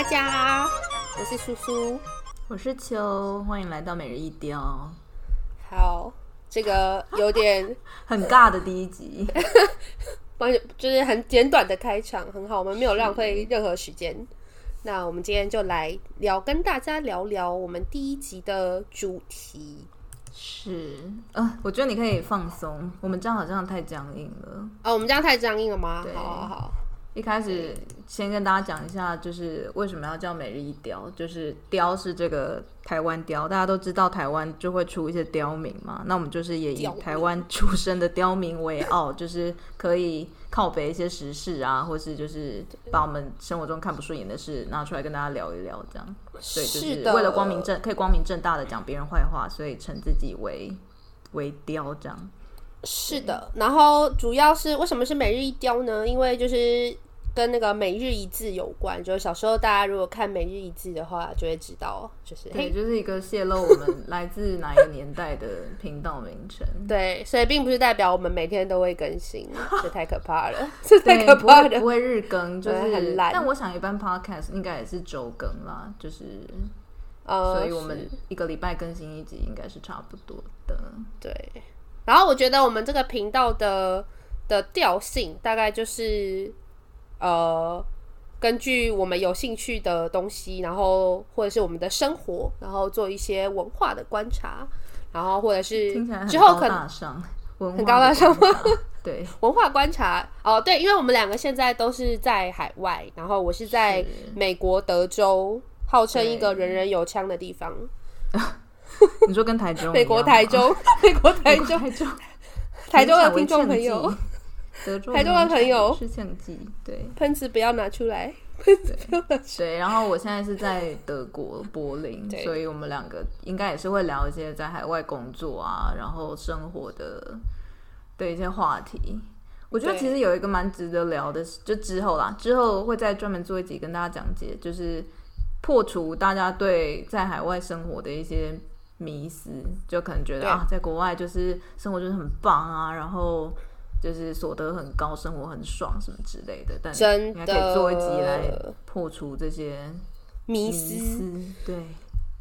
大家好，我是蘇蘇，我是秋，歡迎來到每日一雕。好，這個有點、啊、很尬的第一集，完、呃、 就是很簡短的開場，很好，我們沒有浪費任何時間。是那我們今天就來聊，跟大家聊聊我們第一集的主題。是，啊、呃，我覺得你可以放鬆，嗯、我們這樣好像太僵硬了。啊、哦，我們這樣太僵硬了嗎？對好，好，好，好。一開始先跟大家講一下，就是為什麼要叫“每日一雕”，就是“雕”是這個台灣雕，大家都知道台灣就會出一些刁民嘛，那我們就是也以台灣出生的刁民為傲，就是可以靠北一些時事啊，或是就是把我們生活中看不順眼的事拿出來跟大家聊一聊，這樣，對，就是為了光明正可以光明正大的講別人壞話，所以稱自己為“為雕”這樣，是的。然後主要是為什麼是“每日一雕”呢？因為就是。跟那個每日一字有關，就是小時候大家如果看每日一字的話，就會知道，就是對，嘿就是一個泄露我們來自哪一個年代的頻道名稱。 對，所以並不是代表我們每天都會更新， 這太可怕了，這對 太可怕了。不會，不會日更、就是、就是很懶。但我想一般 podcast 應該也是周更啦，就是，嗯、所以我們一個禮拜更新一集應該是差不多的。對，然後我覺得我們這個頻道的的調性大概就是。呃，根據我們有興趣的東西，然後或者是我們的生活，然後做一些文化的觀察，然後或者是之後可能很高大上，嗎？對， 文化觀察對哦，對，因為我們兩個現在都是在海外，然後我是在美國德州，是號稱一個人人有槍的地方。對 你說跟台中， 美國台中， 美國台中，台中的聽眾朋友。台中的朋友是相機，對，噴子不要拿出來，不要拿出來。對，對，然後我現在是在德國柏林， 對所以我們兩個應該也是會聊一些在海外工作啊，然後生活的的一些話題。我覺得其實有一個蠻值得聊的，對就之後啦，之後會再專門做一集跟大家講解，就是破除大家對在海外生活的一些迷思，就可能覺得啊，啊，在國外就是生活就是很棒啊，然後。就是所得很高，生活很爽，什麼之類的。但你還可以做一集來破除這些迷思。迷思對，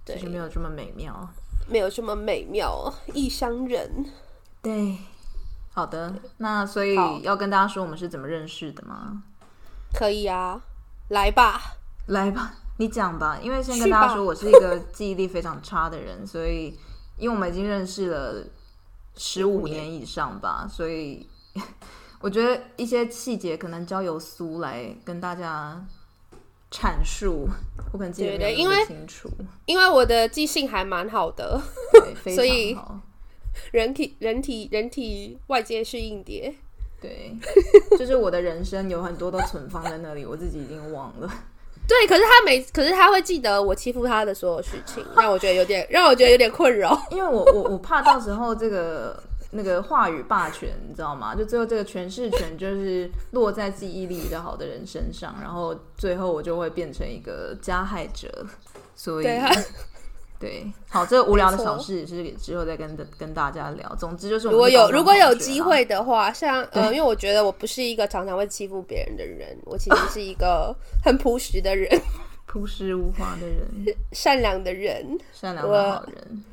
就是對沒有這麼美妙，沒有這麼美妙。異鄉人。對，好的。那所以要跟大家說，我們是怎麼認識的嗎？可以啊，來吧，來吧，你講吧。因為先跟大家說我是一個記憶力非常差的人，去吧 所以因為我們已經認識了十五年以上吧，所以。 我覺得一些細節可能交由蘇來跟大家闡述，我可能記不清楚。對對對，因為，因為我的記性還蠻好的， 對，好，所以人體、人體、人體外接是硬碟，對，就是我的人生有很多都存放在那裡， 我自己已經忘了。對，可是他每，可是他會記得我欺負他的所有事情，讓我覺得有點，讓我覺得有點困擾。 因為我我我怕到時候這個。那個話語霸權，你知道嗎？就最後這個詮釋權就是落在記憶力比較好的人身上， 然後最後我就會變成一個加害者。所以，對，啊、對，好，這個無聊的小事也是之後再跟錯跟，跟大家聊。總之就是我，如果有如果有機會的話，像呃，對因為我覺得我不是一個常常會欺負別人的人，我其實是一個很樸實的人，樸實 無華的人， 善良的人，善良的好人。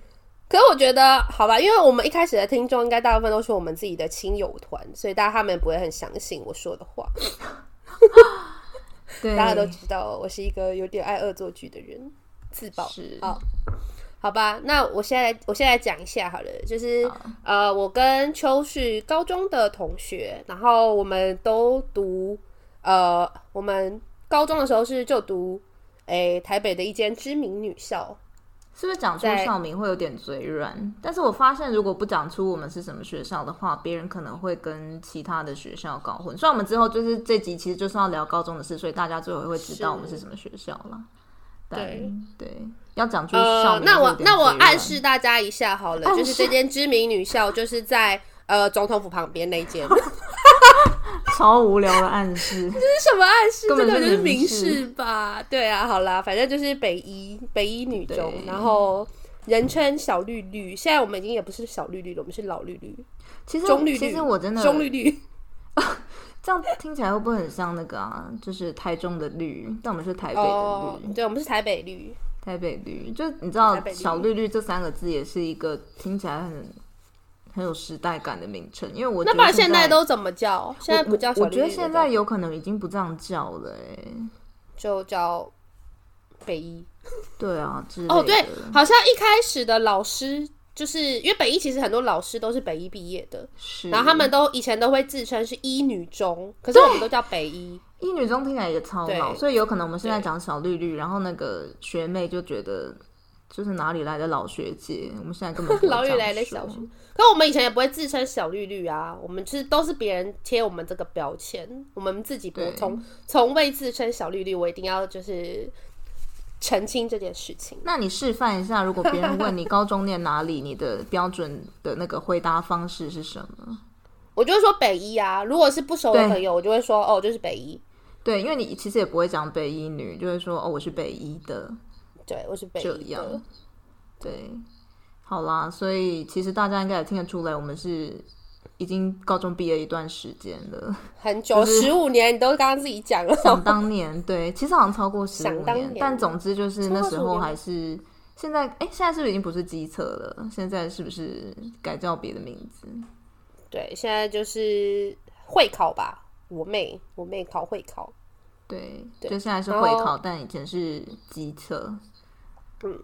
可是我覺得，好吧，因為我們一開始的聽眾應該大部分都是我們自己的親友團，所以大家他們不會很相信我說的話。 對，大家都知道我是一個有點愛惡作劇的人，自爆啊是、哦。好吧，那我現在，我現在講一下好了，就是好呃，我跟秋是高中的同學，然後我們都讀呃，我們高中的時候是就讀哎、欸、台北的一間知名女校。是不是講出校名會有點嘴軟？對但是我發現，如果不講出我們是什麼學校的話，別人可能會跟其他的學校搞混。所以我們之後就是這集其實就是要聊高中的事，所以大家最後會知道我們是什麼學校了。是但對對，要講出校名、呃，那我那我暗示大家一下好了，啊、就是這間知名女校就是在、啊。呃，總統府旁邊那間， 超無聊的暗示。 這是什麼暗示？這個就是明示吧？對啊，好啦，反正就是北一北一女中，對然後人稱小綠綠。現在我們已經也不是小綠綠了，我們是老綠綠。其實，中綠綠其實我真的中綠綠， 這樣聽起來會不會很像那個啊？就是台中的綠，但我們是台北的綠。Oh, 對，我們是台北綠，台北綠。就你知道，綠小綠綠這三個字也是一個聽起來很。很有時代感的名稱，因為我覺得那不然現在都怎麼叫？現在不叫小綠綠的叫我我？我覺得現在有可能已經不這樣叫了，欸，誒，就叫北一。對啊，哦，oh, 對，好像一開始的老師就是，因為北一其實很多老師都是北一畢業的，是，然後他們都以前都會自稱是一女中，可是我們都叫北一，一對女中聽起來也超老，對所以有可能我們現在講小綠綠，對然後那個學妹就覺得。就是哪裡來的老學姐？我們現在根本不 老綠來的小學，可我們以前也不會自稱小綠綠啊。我們其實都是別人貼我們這個標籤，我們自己不從從未自稱小綠綠。我一定要就是澄清這件事情。那你示範一下，如果別人問你高中念哪裡， 你的標準的那個回答方式是什麼？我就會說北一啊。如果是不熟的朋友，對我就會說哦，就是北一。對，因為你其實也不會講北一女，就會說哦，我是北一的。對，我是北一。對，好啦，所以其實大家應該也聽得出來，我們是已經高中畢業一段時間了，很久，十五是年，你都剛剛自己講了。想當年，對，其實好像超過十五年，年但總之就是那時候還是現在。哎、欸，現在是不是已經不是基測了？現在是不是改叫別的名字？對，現在就是會考吧。我妹，我妹考會考。對，對，現在是會考，後但以前是基測。嗯，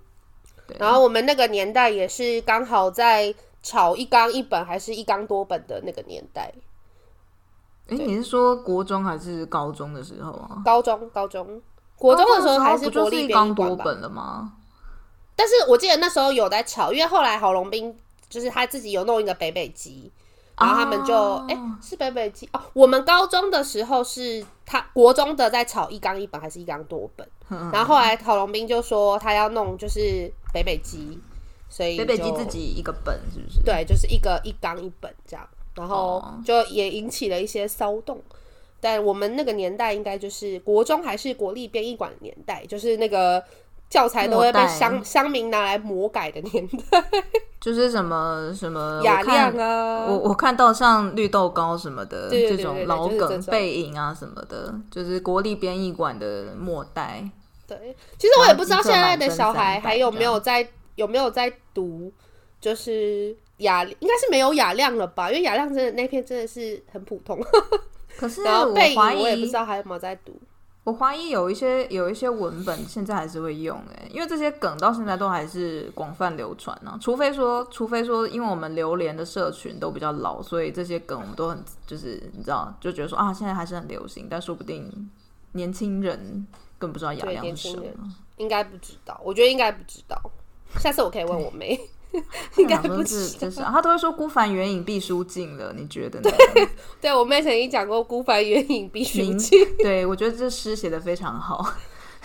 然後我們那個年代也是剛好在炒一綱一本還是一綱多本的那個年代。誒，你是說國中還是高中的時候啊？高中高中，國中的時候還是立候就是一綱多本的嗎？但是我記得那時候有在炒，因為後來郝龍斌就是他自己有弄一個北北基，然後他們就、啊、誒，是北北基哦。我們高中的時候是他國中的在炒一綱一本還是一綱多本？嗯、然後後來郝龍斌就說他要弄就是北北基，所以北北基自己一個本是不是？對，就是一個一綱一本這樣，然後就也引起了一些騷動。哦、但我們那個年代應該就是國中還是國立編譯館的年代，就是那個教材都會被鄉代鄉民拿來魔改的年代，就是什麼什麼雅量啊，我我看到像綠豆糕什麼的這種老梗，背影啊什麼的，就是國立編譯館的末代。對，其實我也不知道現在的小孩還有沒有在有沒有在讀，就是雅應該是沒有雅量了吧，因為雅量真的那篇真的是很普通。可是我懷疑，也不知道還有沒有在讀。我懷疑有一些有一些文本現在還是會用哎、欸，因為這些梗到現在都還是廣泛流傳呢、啊。除非說，除非說，因為我們榴蓮的社群都比較老，所以這些梗我們都很就是你知道，就覺得說啊，現在還是很流行，但說不定年輕人。更不知道楊洋是誰？應該不知道，我覺得應該不知道。下次我可以問我妹，對 應該不知道。就是他，他都會說“孤帆遠影碧書盡”了，你覺得呢？對，對，我妹曾經講過孤“孤帆遠影碧書盡”，對我覺得這詩寫的非常好，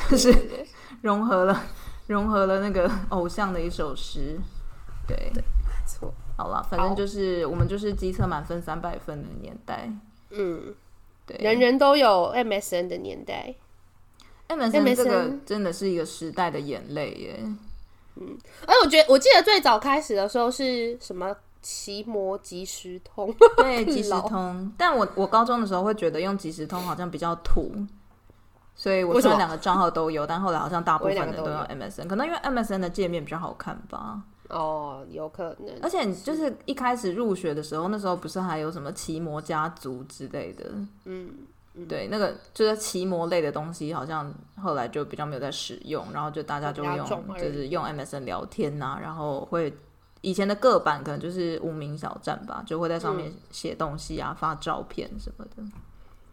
對對對 就是融合了融合了那個偶像的一首詩。對，對沒錯。好了，反正就是好我們就是基測滿分三百分的年代，嗯，對，人人都有 MSN 的年代。MSN MSN 這個真的是一個時代的眼淚耶，嗯，哎、欸，我覺得我記得最早開始的時候是什麼奇摩即時通， 對，即時通。老但我我高中的時候會覺得用即時通好像比較土，所以我雖然兩個賬號都有，但後來好像大部分人都用 MSN，可能因為 MSN 的界面比較好看吧。哦，有可能。而且你就是一開始入學的時候，那時候不是還有什麼奇摩家族之類的，嗯。對，那個就是奇摩類的東西，好像後來就比較沒有在使用，然後就大家就用，就是用 MSN 聊天吶、啊，然後會以前的個版可能就是無名小站吧，就會在上面寫東西啊，發照片什麼的。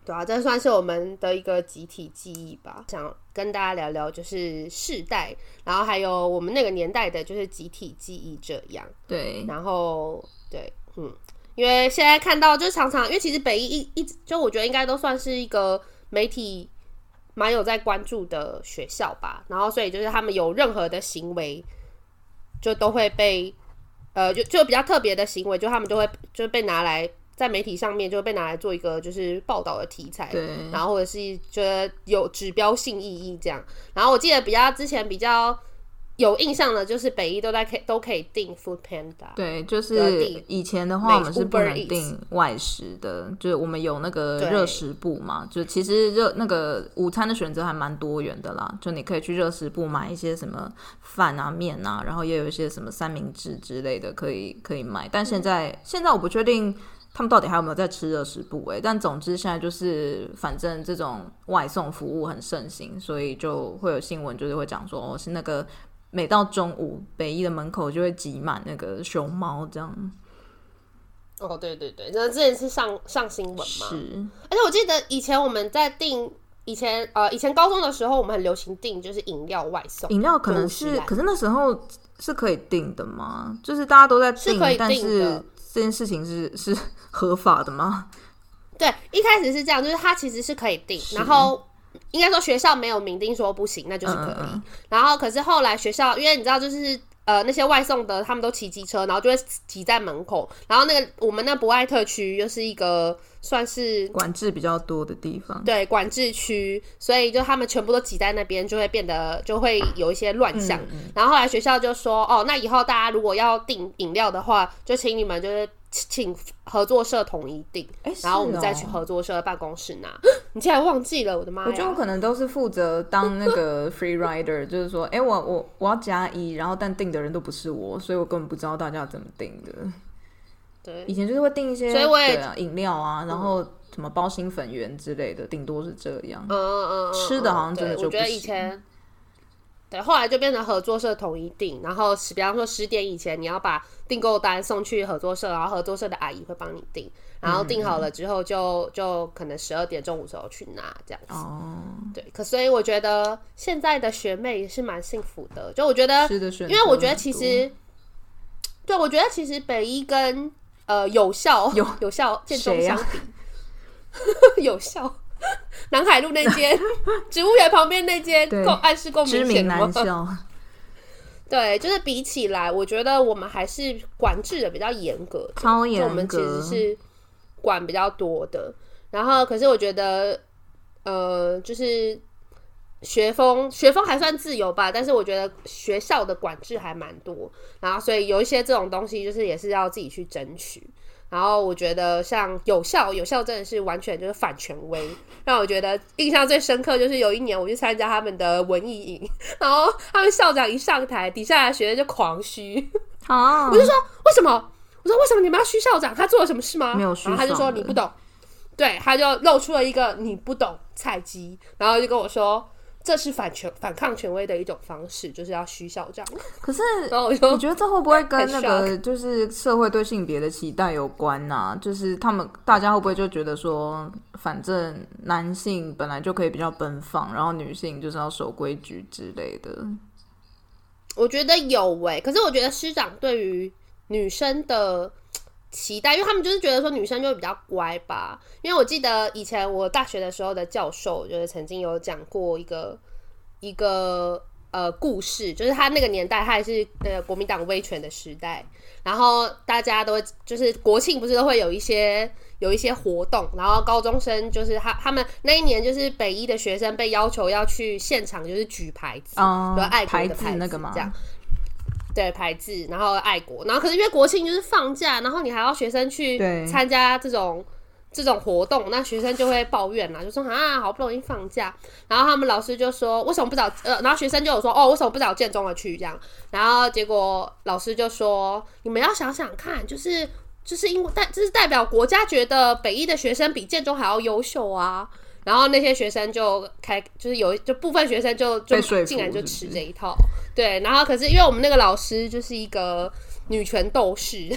對啊，這算是我們的一個集體記憶吧。想跟大家聊聊，就是世代，然後還有我們那個年代的，就是集體記憶這樣。對，然後對，嗯。因為現在看到就是常常，因為其實北一女一直就我覺得應該都算是一個媒體蠻有在關注的學校吧，然後所以就是他們有任何的行為，就都會被呃，就就比較特別的行為，就他們就會就被拿來在媒體上面就會被拿來做一個就是報道的題材，對 然後或者是覺得有指標性意義這樣，然後我記得比較之前比較。有印象的，就是北一都在可以都可以訂 Food Panda。對，就是以前的話，我們是不能訂外食的，就是我們有那個熱食部嘛，對就其實熱那個午餐的選擇還蠻多元的啦。就你可以去熱食部買一些什麼飯啊、麵啊，然後也有一些什麼三明治之類的可以可以買。但現在、嗯、現在我不確定他們到底還有沒有在吃熱食部誒、欸。但總之現在就是，反正這種外送服務很盛行，所以就會有新聞就是會講說，哦，是那個。每到中午，北一的門口就會擠滿那個熊貓，這樣。哦，對對對，那之前是上上新聞嗎？是。而且我記得以前我們在訂，以前呃，以前高中的時候，我們很流行訂，就是飲料外送。飲料可能是，的可是那時候是可以訂的嗎？就是大家都在訂，是可以訂的。但是這件事情是是合法的嗎？對，一開始是這樣，就是它其實是可以訂，是然後。應該說，學校沒有明定說不行，那就是可以。嗯、然後可是後來學校，因為你知道就是呃那些外送的他們都騎機車，然後就會擠在門口。然後那個我們那博愛特區又是一個算是管制比較多的地方，對管制區，所以就他們全部都擠在那邊，就會變得就會有一些亂象。嗯嗯、然後後來學校就說：“哦，那以後大家如果要訂飲料的話，就請你們就是。”請合作社統一訂，欸、然後我們再去合作社辦公室拿。哦、 你竟然忘記了，我的媽！我覺得我可能都是負責當那個 free、er、rider， 就是說，哎、欸，我我我要加一，然後但訂的人都不是我，所以我根本不知道大家怎麼訂的。對以前就是會訂一些，所以對、啊，飲料啊，然後什麼包心粉圓之類的，頂多是這樣。嗯嗯嗯，嗯嗯嗯吃的好像真的就不行，我覺得以前。對，後來就變成合作社統一訂，然後比方說十點以前你要把訂購單送去合作社，然後合作社的阿姨會幫你訂，然後訂好了之後就、嗯、就，就可能十二點中午時候去拿這樣子。哦。對，可所以我覺得現在的學妹也是蠻幸福的，就我覺得，是的，因為我覺得其實，對，對，我覺得其實北一跟呃有，有，有效健、啊、 有有效建中相比，有效。 南海路那間， 植物園旁邊那間，對暗示夠明顯嗎？對，就是比起來，我覺得我們還是管制的比較嚴格、格，超嚴格，我們其實是管比較多的。然後，可是我覺得，呃，就是學風，學風還算自由吧，但是我覺得學校的管制還蠻多。然後，所以有一些這種東西，就是也是要自己去爭取。然後我覺得像友校，友校真的是完全就是反權威。讓我覺得印象最深刻就是有一年我去參加他們的文藝營，然後他們校長一上台，底下的學生就狂噓、oh. 我就說為什麼？我說為什麼你們要噓校長？他做了什麼事嗎？沒有噓，他就說你不懂。對，他就露出了一個你不懂菜雞，然後就跟我說。這是反權反抗權威的一種方式，就是要虛笑這樣。可是，我、oh, yo, 覺得這會不會跟那個就是社會對性別的期待有關呢、啊？就是他們大家會不會就覺得說，反正男性本來就可以比較奔放，然後女性就是要守規矩之類的？我覺得有誒、欸，可是我覺得師長對於女生的。期待，因為他們就是覺得說女生就會比較乖吧，因為我記得以前我大學的時候的教授就是曾經有講過一個一個呃故事，就是他那個年代他還是呃國民黨威權的時代，然後大家都就是國慶不是都會有一些有一些活動，然後高中生就是他他們那一年就是北一的學生被要求要去現場就是舉牌子。舉、嗯、愛國的牌的牌子那個嗎？這樣。對，排字、然後愛國，然後可是因為國慶就是放假，然後你還要學生去參加這種對這種活動，那學生就會抱怨嘛、啊，就說啊，好不容易放假，然後他們老師就說為什麼不找呃，然後學生就有說哦，為什麼不找建中而去這樣，然後結果老師就說你們要想想看，就是就是因為代就是代表國家覺得北一的學生比建中還要優秀啊。然後那些學生就開，就是有一就部分學生就就竟然就吃這一套，是是對。然後可是因為我們那個老師就是一個女權鬥士，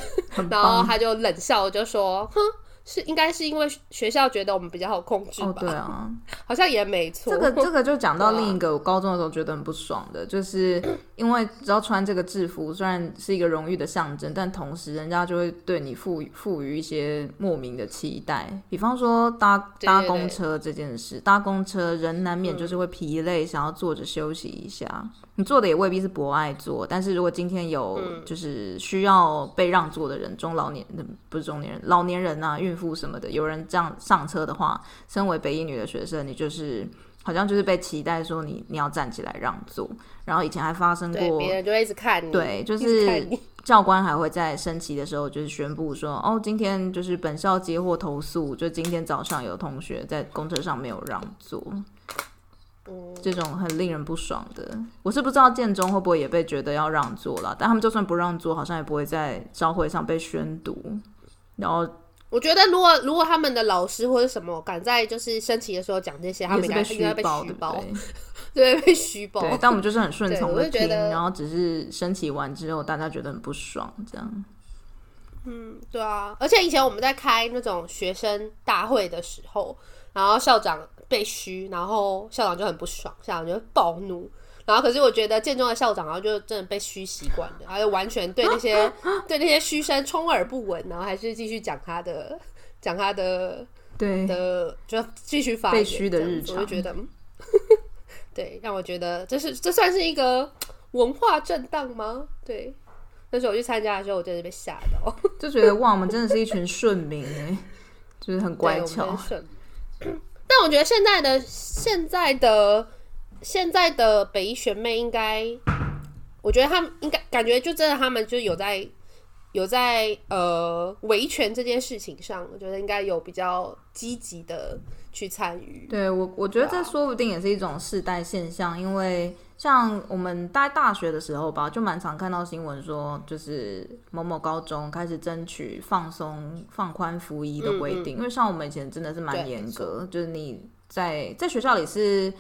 棒 然後他就冷笑就說：“哼。”是應該是因為學校覺得我們比較好控制吧？哦、對啊， 好像也沒錯，這個。這個這個就講到另一個我高中的時候覺得很不爽的，啊、就是因為只要穿這個制服，雖然是一個榮譽的象徵， 但同時人家就會對你賦予賦予一些莫名的期待。比方說搭搭公車這件事，對對對，搭公車人難免就是會疲累，嗯、想要坐着休息一下。你坐的也未必是博愛坐，但是如果今天有就是需要被讓座的人，中老年，不是中年人，老年人啊，什麼的？有人這樣上車的話，身為北一女的學生，你就是好像就是被期待說你你要站起來讓座。然後以前還發生過別人就一直看你，對，就是教官還會在升旗的時候就是宣布說哦，今天就是本校接獲投訴，就今天早上有同學在公車上沒有讓座。嗯，這種很令人不爽的。我是不知道建中會不會也被覺得要讓座了，但他們就算不讓座，好像也不會在朝會上被宣讀，然後。我覺得，如果如果他們的老師或者什麼敢在就是升旗的時候講這些，他們應該是應該被噓爆。對，被噓爆，對。但我們就是很順從的聽，然後只是升旗完之後，大家覺得很不爽，這樣。嗯，對啊，而且以前我們在開那種學生大會的時候，然後校長被噓，然後校長就很不爽，校長就暴怒。然後，可是我覺得建中的校長，然後就真的被噓習慣了，然後就完全對那些蛤對那些噓聲充耳不聞，然後還是繼續講他的講他的對的，就繼續發被噓的日常，我就覺得， 對，讓我覺得這是這算是一個文化震盪嗎？對，那時候我去參加的時候，我真的被嚇到，就覺得哇， 我們真的是一群順民哎、欸，就是很乖巧、欸很。 但我覺得現在的現在的。現在的北一學妹應該，我覺得他們應該感覺就真的他們就有在有在呃維權這件事情上，我覺得應該有比較積極的去參與。對我，我覺得這說不定也是一種世代現象，啊、因為像我們在大，大學的時候吧，就蠻常看到新聞說，就是某某高中開始爭取放鬆放寬服儀的規定，嗯嗯因為像我們以前真的是蠻嚴格，是就是你在在學校裡是。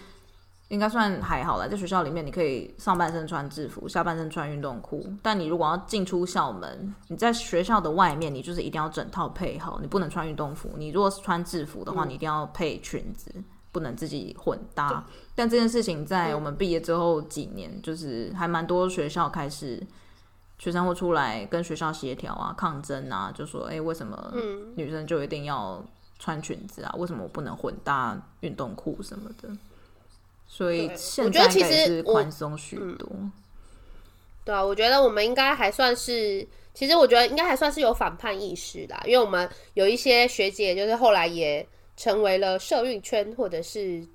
應該算還好啦，在學校裡面，你可以上半身穿制服，下半身穿運動褲。但你如果要進出校門，你在學校的外面，你就是一定要整套配好，你不能穿運動服。你如果是穿制服的話，你一定要配裙子，嗯、不能自己混搭。對但這件事情在我們畢業之後幾年，嗯、就是還蠻多學校開始學生會出來跟學校協調啊、抗爭啊，就說：“哎、欸，為什麼女生就一定要穿裙子啊？為什麼我不能混搭運動褲什麼的？”所以我覺得其實我寬鬆許多，對啊，我覺得我們應該還算是，其實我覺得應該還算是有反叛意識啦，因為我們有一些學姐，就是後來也成為了社運圈，或者是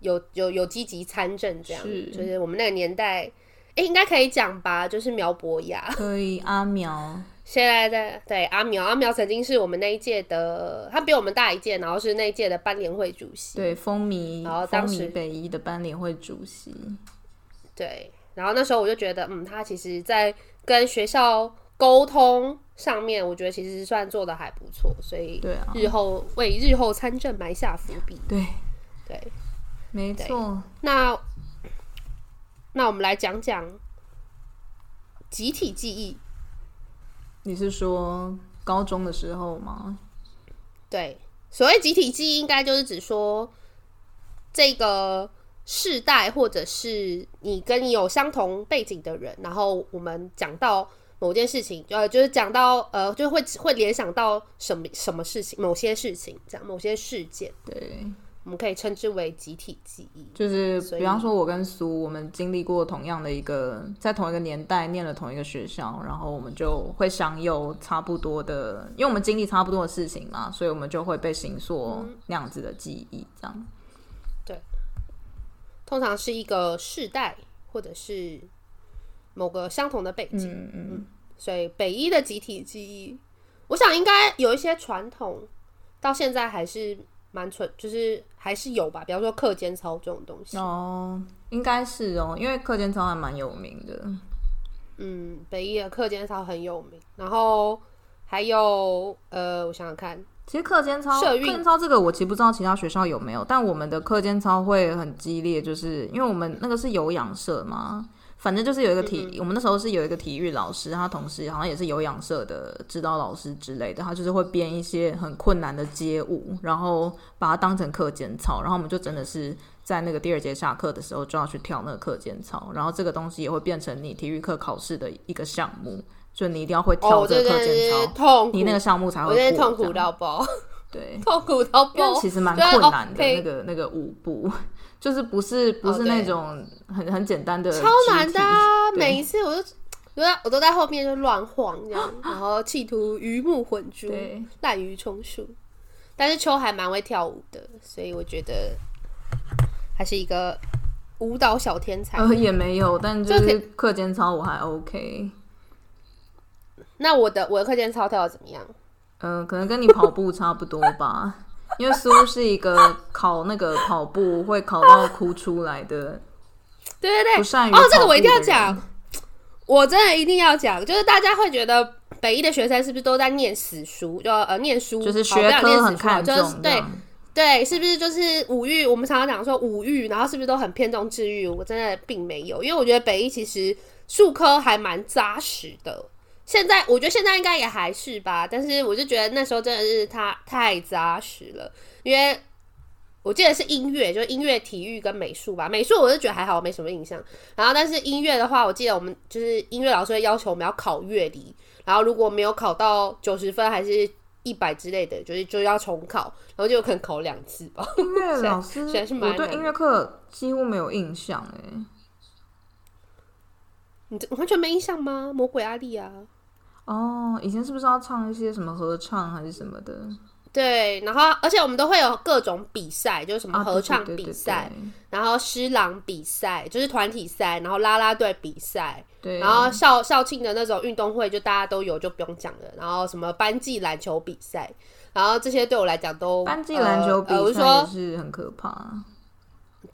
有有有積極參政這樣，是就是我們那個年代，哎、欸，應該可以講吧，就是苗博雅，可以阿、啊、苗。現在在，對，阿苗，阿苗曾經是我們那一屆的，他比我們大一屆，然後是那一屆的班聯會主席，對，風靡，然後當時北一的班聯會主席，對，然後那時候我就覺得，嗯，他其實在跟學校溝通上面，我覺得其實算做的還不錯，所以對啊，日後為日後參政埋下伏筆，對，對，沒錯。那那我們來講講集體記憶。你是說高中的時候嗎？對，所謂集體記憶，應該就是指說這個世代，或者是你跟你有相同背景的人，然後我們講到某件事情，呃，就是講到呃，就會會聯想到什麼什麼事情，某些事情，講某些事件，對。我們可以稱之為集體記憶，就是比方說，我跟蘇，所以，我們經歷過同樣的一個，在同一個年代念了同一個學校，然後我們就會享有差不多的，因為我們經歷差不多的事情嘛，所以我們就會被形塑那樣子的記憶，嗯、這樣。對，通常是一個世代，或者是某個相同的背景，嗯嗯。所以北一的集體記憶，我想應該有一些傳統，到現在還是蠻純，就是。還是有吧，比方說課間操這種東西哦，應該是哦，因為課間操還蠻有名的。嗯，北一的課間操很有名，然後還有呃，我想想看，其實課間操課間運操這個我其實不知道其他學校有沒有，但我們的課間操會很激烈，就是因為我們那個是有氧社嘛。反正就是有一個體，嗯嗯我們那時候是有一個體育老師，他同時好像也是有氧社的指導老師之類的。他就是會編一些很困難的街舞，然後把它當成課間操，然後我們就真的是在那個第二節下課的時候就要去跳那個課間操。然後這個東西也會變成你體育課考試的一個項目，就你一定要會跳這個課間操，哦、對對對你那個項目，你那個項目才會過。痛苦到爆，對，痛苦到爆，其實蠻困難的、okay、那個那個舞步。就是不是不是那種很、oh, 對很，很簡單的，超難的、啊。對每一次我都，我都我都在後面就亂晃這樣， 然後企圖魚目混珠、濫竽充數。但是秋還蠻會跳舞的，所以我覺得還是一個舞蹈小天才。呃，也沒有，但就是課間操我還 OK。可以那我的我的課間操跳的怎麼樣？嗯、呃，可能跟你跑步差不多吧。 因為蘇是一個考那個跑步會考到哭出來的， 對對對，不善於哦，這個我一定要講，我真的一定要講，就是大家會覺得北一的學生是不是都在念死書，就呃念書就是學科、哦、很看重、就是、對對，是不是就是五育？我們常常講說五育，然後是不是都很偏重智育，我真的並沒有，因為我覺得北一其實術科還蠻扎實的。現在我覺得現在應該也還是吧，但是我就覺得那時候真的是他太,太扎實了，因為我記得是音樂，就音樂、體育跟美術吧。美術我是覺得還好，沒什麼印象。然後但是音樂的話，我記得我們就是音樂老師會要求我們要考樂理，然後如果沒有考到九十分還是一百之類的，就是就要重考，然後就可能考兩次吧。音樂老師是我對，音樂課幾乎沒有印象哎，你這完全沒印象嗎？魔鬼阿力啊！哦，oh, 以前是不是要唱一些什麼合唱，還是什麼的？對，然後而且我們都會有各種比賽，就是什麼合唱比賽，然後詩朗誦比賽，就是團體賽，然後啦啦隊比賽，對，然後校、校慶的那種運動會就大家都有，就不用講了。然後什麼班際籃球比賽，然後這些對我來講都班際籃球比賽就是很可怕。呃呃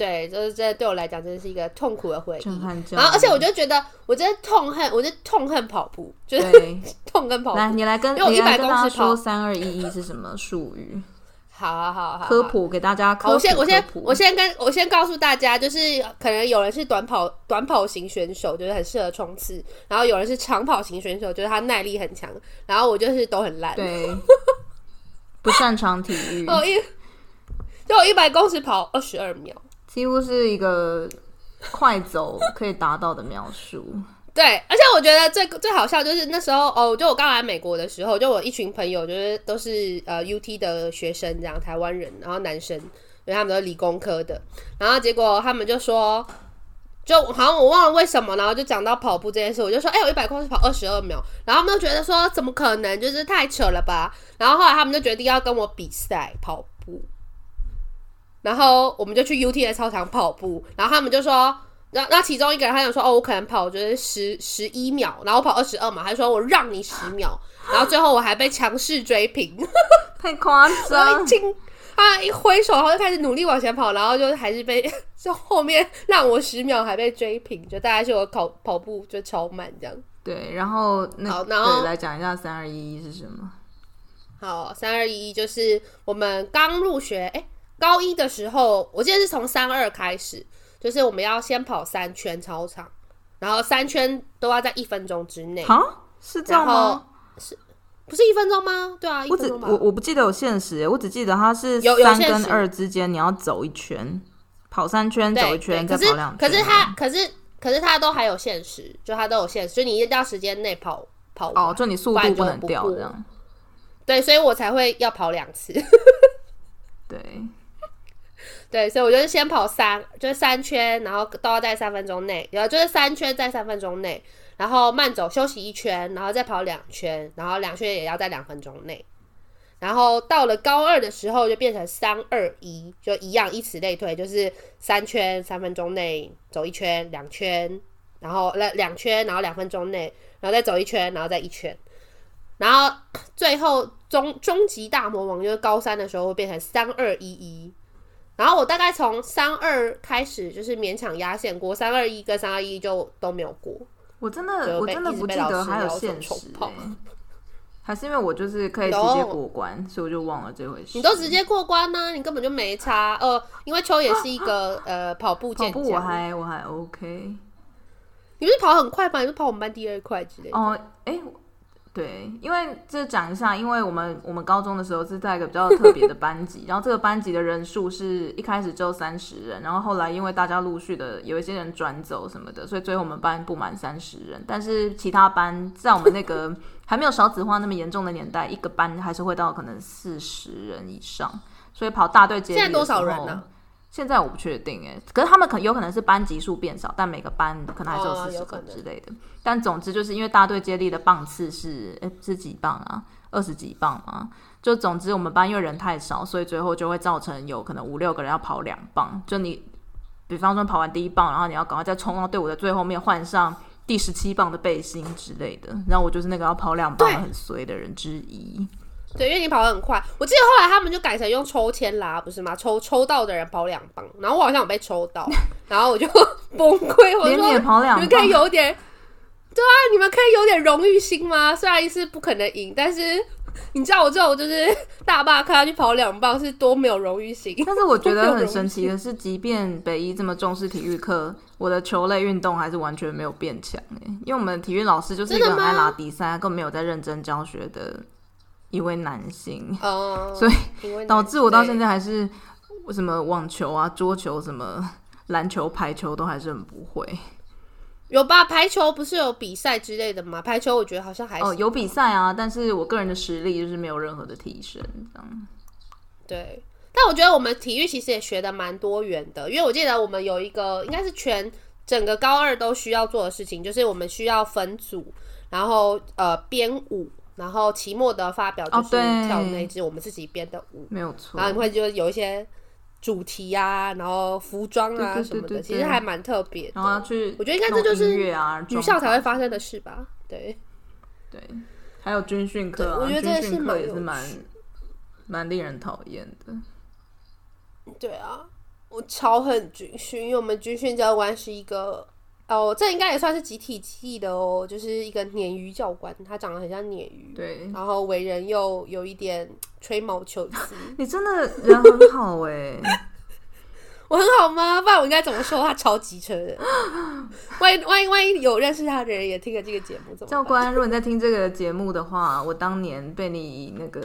對，就是這對我來講，真的是一個痛苦的回憶。然後，而且我就覺得，我真的痛恨，我就痛恨跑步，就是對痛跟跑步。來，你來跟，因為我一百公尺跑三二一一是什麼術語？好，好好好，科普給大家。我先，普我先，我先，我先跟，我先告訴大家，就是可能有人是短跑短跑型選手，就是很適合衝刺；然後有人是長跑型選手，就是他耐力很強。然後我就是都很爛，對， 不擅長體育。哦，一就我一百公尺跑二十二秒。幾乎是一個快走可以達到的描述。 對，而且我覺得最最好笑就是那時候哦，就我剛來美國的時候，就我一群朋友就是都是呃 UT 的學生這樣，台灣人，然後男生，因為他們都理工科的，然後結果他們就說，就好像我忘了為什麼，然後就講到跑步這件事，我就說，哎、欸，我一百塊是跑二十二秒，然後他們就覺得說怎麼可能，就是太扯了吧，然後後來他們就決定要跟我比賽跑步。然後我們就去 u t 的操場跑步，然後他們就說，那那其中一個人他想說，哦，我可能跑就是十十一秒，然後我跑二十二嘛，他就說我讓你十秒，啊、然後最後我還被強勢追平，太誇張了， 一揮他一揮手，然後就開始努力往前跑，然後就還是被就後面讓我十秒還被追平，就大概是我跑跑步就超慢這樣。對，然後那好，然後對，來講一下三二一一是什麼？好，三二一一就是我們剛入學，哎。高一的時候，我記得是從三二開始，就是我們要先跑三圈操場，然後三圈都要在一分鐘之內。蛤，是這樣嗎？是不是一分鐘嗎？對啊，我只1分鐘吧，我我不記得有限時，我只記得它是有三跟二之間，你要走一圈，跑三圈，走一圈，圈可是，再跑兩圈。可是他，可是可是它都還有限時，就他都有限時，所以你一定要時間內跑跑完。哦，就你速度不，不，不能掉，這樣。對，所以我才會要跑兩次。 對。對，所以我就是先跑三，就是三圈，然後都要在三分鐘內，然後就是三圈在三分鐘內，然後慢走休息一圈，然後再跑兩圈，然後兩圈也要在兩分鐘內，然後到了高二的時候就變成三二一，就一樣，以此類推，就是三圈三分鐘內走一圈兩圈，然後兩圈，然後兩分鐘內，然後再走一圈，然後再一圈，然後最後終終極大魔王就是高三的時候會變成三二一一。然後我大概從三二開始，就是勉強壓線過三二一，跟三二一就都沒有過。我真的被我真的不記得還有限時，還是因為我就是可以直接過關，有所以我就忘了這回事。你都直接過關呢？啊，你根本就沒差。呃，因為秋也是一個、啊、呃跑步健將，跑步我還我還 OK。你不是跑很快嗎？你就跑我們班第二快之類的哦。對，因為這講一下，因為我們我們高中的時候是在一個比較特別的班級， 然後這個班級的人數是一開始只有三十人，然後後來因為大家陸續的有一些人轉走什麼的，所以最後我們班不滿三十人。但是其他班在我們那個還沒有少子化那麼嚴重的年代， 一個班還是會到可能四十人以上，所以跑大隊接力的時候，現在多少人呢？現在我不確定誒，可是他們可有可能是班級數變少，但每個班可能還是有四十個之類的。Oh, 但總之就是因為大隊接力的棒次是誒，是幾棒啊？二十幾棒啊？就總之我們班因為人太少，所以最後就會造成有可能五六個人要跑兩棒。就你比方說跑完第一棒，然後你要趕快再衝到隊伍的最後面換上第十七棒的背心之類的。然後我就是那個要跑兩棒很衰的人之一。對，因為你跑得很快，我記得後來他們就改成用抽籤啦，不是嗎？抽抽到的人跑兩棒，然後我好像有被抽到，然後我就崩潰， 我就說：“你，你們可以有點……嗎對啊，你們可以有點榮譽心嗎？雖然是不可能贏，但是你知道我這種就是大霸克去跑兩棒是多沒有榮譽心？但是我覺得很神奇的是，是即便北一這麼重視體育課，我的球類運動還是完全沒有變強、欸、因為我們體育老師就是一個很愛拉比賽，更沒有在認真教學的。”一位男性，哦、所以導致我到現在還是什麼網球啊、對桌球、什麼籃球、排球都還是很不會。有吧？排球不是有比賽之類的嗎？排球我覺得好像還是、哦、有比賽啊，但是我個人的實力就是沒有任何的提升。對這樣對。但我覺得我們體育其實也學的蠻多元的，因為我記得我們有一個應該是全整個高二都需要做的事情，就是我們需要分組，然後呃編舞。然後期末的發表就是跳那一支我們自己編的舞，沒有錯。然後你會就有一些主題啊，然後服裝啊什麼的，對對對對對，其實還蠻特別的。然後、啊、我覺得應該這就是女校才會發生的事吧？對對，還有軍訓課、啊，我覺得這訓是蠻訓是蠻，蠻令人討厭的。對啊，我超恨軍訓，因為我們軍訓教官是一個。哦，這應該也算是集體記憶的哦，就是一個鯰魚教官，他長得很像鯰魚，對，然後為人又有一點吹毛求疵， 你真的人很好哎、欸。 我很好嗎？不然我應該怎麼說？他超級扯的。萬一萬一萬一有認識他的人也聽了這個節目，怎麼辦？教官，如果你在聽這個節目的話，我當年被你那個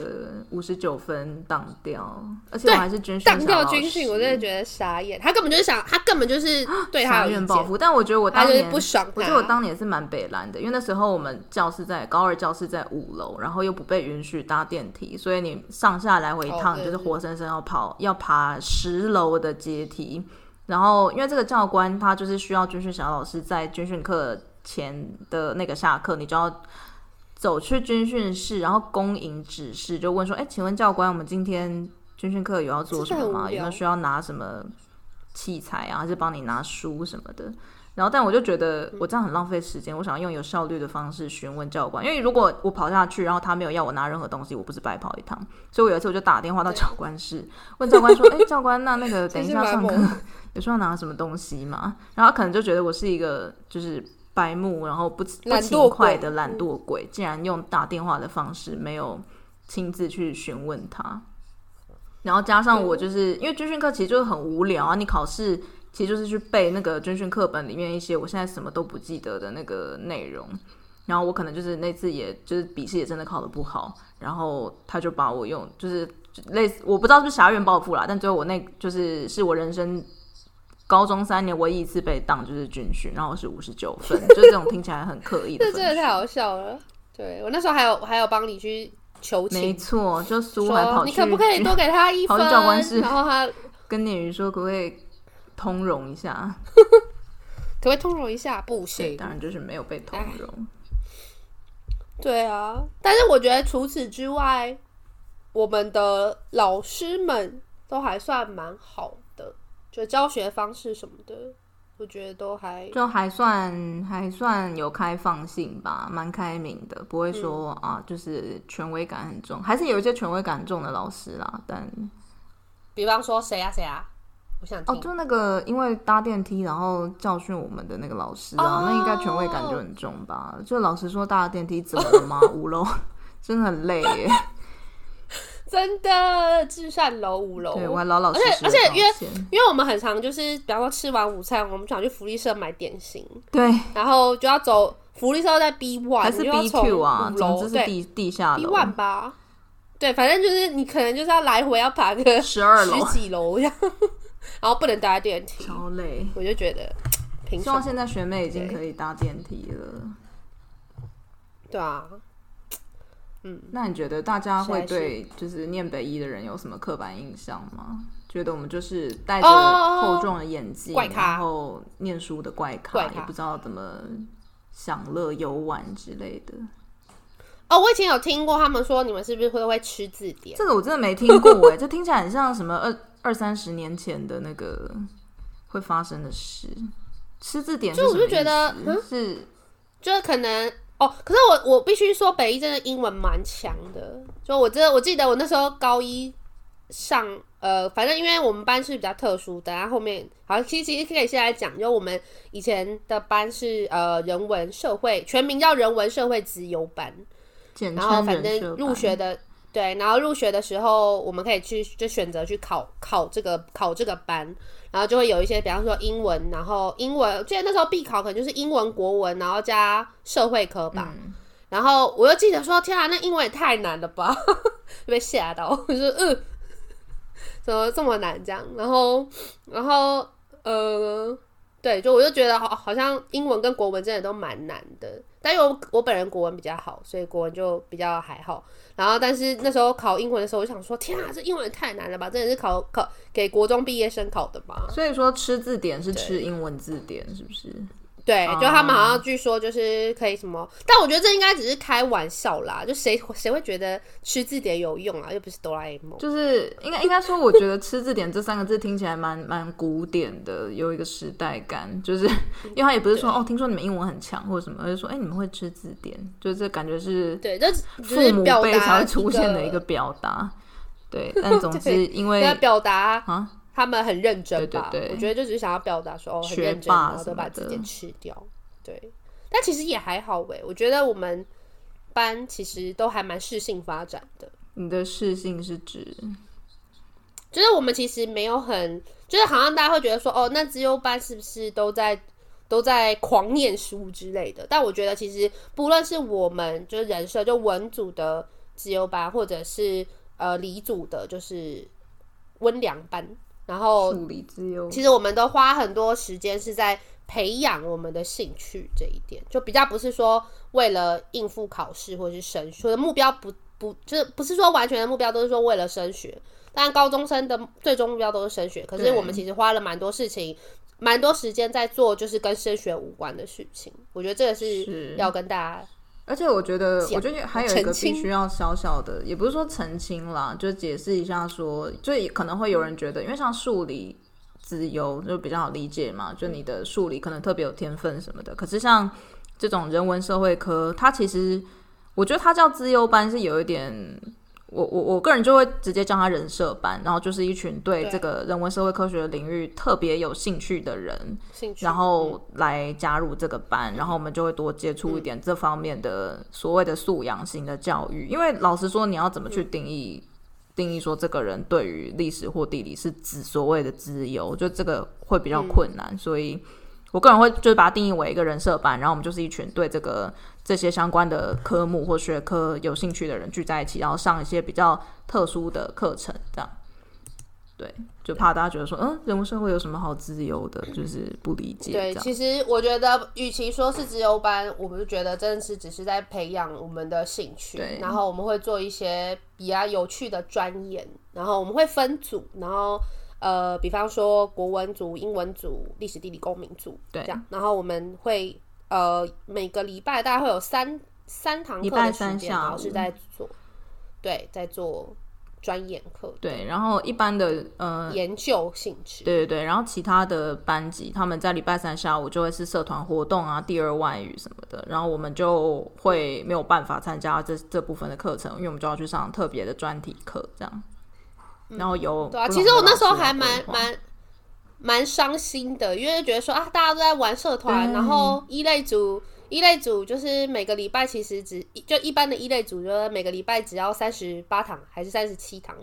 五十九分當掉，而且我還是軍訓當掉軍訓，我真的覺得傻眼。他根本就是想，他根本就是對他有怨報復。但我覺得我當年就是不爽，啊，我覺得我當年是蠻北爛的，因為那時候我們教室在高二教室在五樓，然後又不被允許搭電梯，所以你上下來回一趟，oh, yes. 就是活生生要跑要爬十樓的階梯。題，然後因為這個教官他就是需要軍訓小老師，在軍訓課前的那個下課，你就要走去軍訓室，然後恭迎指示，就問說：“哎，請問教官，我們今天軍訓課有要做什麼嗎？有沒有需要拿什麼器材啊，還是幫你拿書什麼的？”然後，但我就覺得我這樣很浪費時間。嗯、我想要用有效率的方式詢問教官，因為如果我跑下去，然後他沒有要我拿任何東西，我不是白跑一趟？所以我有一次我就打電話到教官室對問教官說：“哎， 教官，那那個等一下上課，上課有需要拿什麼東西嗎？”然後他可能就覺得我是一個就是白目，然後不不勤快的懶惰鬼，惰竟然用打電話的方式沒有親自去詢問他。然後加上我就是對因為軍訓課其實就很無聊啊，你考試。其實就是去背那個軍訓課本裡面一些我現在什麼都不記得的那個內容，然後我可能就是那次也就是筆試也真的考得不好，然後他就把我用就是就類似我不知道是不是挾怨報復了，但最後我那就是是我人生高中三年唯一一次被當就是軍訓，然後是五十九分， 就這種聽起來很刻意的， 這真的太好笑了。對，我那時候還有我還有幫你去求情，沒錯，就蘇還跑去，你可不可以多給他一分？跑教官室，然後他跟那人說可不可以。通融一下， 可不可以通融一下？不行，當然就是沒有被通融。對啊，但是我覺得除此之外，我們的老師們都還算蠻好的，就教學方式什麼的，我覺得都還就還算還算有開放性吧，蠻開明的，不會說、嗯、啊，就是權威感很重，還是有一些權威感重的老師啦。但比方說誰啊，啊，誰啊？我想哦，就那個因為搭電梯，然後教訓我們的那個老師啊，那應該權威感就很重吧？就老實說搭電梯怎麼了嗎？五樓真的很累耶，真的，至善樓五樓，對我還老老實實。而且因為因為我們很常就是，比方說吃完午餐，我們想去福利社買點心，對，然後就要走福利社在 B one 還是 B two 啊？總之是地地下樓，B one 吧，對，反正就是你可能就是要來回要爬個十二樓十幾樓這樣。然後不能搭電梯，超累。我就覺得，希望現在學妹已經可以搭電梯了。對啊，嗯，那你覺得大家會對就是念北一的人有什麼刻板印象嗎？是覺得我們就是戴着厚重的眼鏡，oh, oh, oh, oh. 然後念書的怪咖，怪卡也不知道怎麼享樂遊玩之類的。哦，oh, 我以前有聽過他們說，你們是不是會會吃字典？這個我真的沒聽過哎、欸， 這聽起來很像什麼呃。二三十年前的那個會發生的事，吃字典就我就覺得是，就可能哦。可是我我必須說，北一真的英文蠻強的。就我這我記得我那時候高一上，呃，反正因為我們班是比較特殊的，等下後面好，其實其實可以先來講，因為我們以前的班是呃人文社會，全名叫人文社會自由班，班然後反正入學的。對，然後入學的時候，我們可以去就選擇去考考這個考這個班，然後就會有一些，比方說英文，然後英文，我記得那時候必考可能就是英文、國文，然後加社會科吧。嗯、然後我又記得說，天啊，那英文也太難了吧，就 被嚇到我，就說嗯，怎麼這麼難這樣？然後，然後呃，對，就我就覺得好，好像英文跟國文真的都蠻難的。但因為我我本人國文比較好，所以國文就比較還好。然後，但是那時候考英文的時候，我想說，天啊，這英文也太難了吧？這也是考考給國中畢業生考的吧。所以說，吃字典是吃英文字典，對是不是？對，就他們好像據說就是可以什麼，啊、但我覺得這應該只是開玩笑啦。就誰誰會覺得吃字典有用啊？又不是哆啦 A 夢。就是應該應該說，我覺得“吃字典”這三個字聽起來蠻蠻 古典的，有一個時代感。就是因為他也不是說對哦，聽說你們英文很強或者什麼，而是說哎、欸，你們會吃字典，就是這感覺是對，這父母輩才會出現的一個表達。對，表達對，但總之因為表達啊。他們很認真吧？對對對，我覺得就只是想要表達說哦，很認真，的然後都把自己吃掉。對，但其實也還好喂、欸，我覺得我們班其實都還蠻適性發展的。你的適性是指，就是我們其實沒有很，就是好像大家會覺得說哦，那自由班是不是都在都在狂念書之類的？但我覺得其實不論是我們就是人社就文組的自由班，或者是呃理組的，就是溫良班。然後，其實我們都花很多時間是在培養我們的興趣這一點，就比較不是說為了應付考試或者是升學，目標不不就是不是說完全的目標都是說為了升學。當然，高中生的最終目標都是升學，可是我們其實花了蠻多事情、對蠻多時間在做，就是跟升學無關的事情。我覺得這個是要跟大家。而且我覺得，我覺得還有一個必須要小小的，也不是說澄清啦，就解釋一下，說，就可能會有人覺得，因為像數理資優就比較好理解嘛，就你的數理可能特別有天分什麼的，嗯、可是像這種人文社會科它其實我覺得它叫資優班是有一點。我我我個人就會直接叫他人設班，然後就是一群對這個人文社會科學領域特別有興趣的人，對然後來加入這個班，嗯、然後我們就會多接觸一點這方面的所謂的素養型的教育。嗯、因為老實說，你要怎麼去定義、嗯、定義說這個人對於歷史或地理是指所謂的自由，就這個會比較困難。嗯、所以我個人會就是把它定義為一個人設班，然後我們就是一群對這個。這些相關的科目或學科有興趣的人聚在一起，然後上一些比較特殊的課程，這樣，對，就怕大家覺得說，嗯，人文社會有什麼好資優的，就是不理解。對，其實我覺得，與其說是資優班，我們就覺得真的是只是在培養我們的興趣。對，然後我們會做一些比較有趣的專業，然後我們會分組，然後呃，比方說國文組、英文組、歷史地理公民組，對，這樣，對然後我們會。呃，每個禮拜大概會有三三堂課的時間，拜三下然後是在做，嗯、對，在做專研課。對，然後一般的呃研究興趣，對對對。然後其他的班級，他們在禮拜三下午就會是社團活動啊、第二外語什麼的，然後我們就會沒有辦法參加這這部分的課程，因為我們就要去上特別的專題課這樣。然後有，嗯、對啊，其實我那時候還蠻還蠻。蠻蠻傷心的，因為覺得說啊，大家都在玩社團，對然後一類組、一類組就是每個禮拜其實只就一般的，一類組就是每個禮拜只要三十八堂還是三十七堂，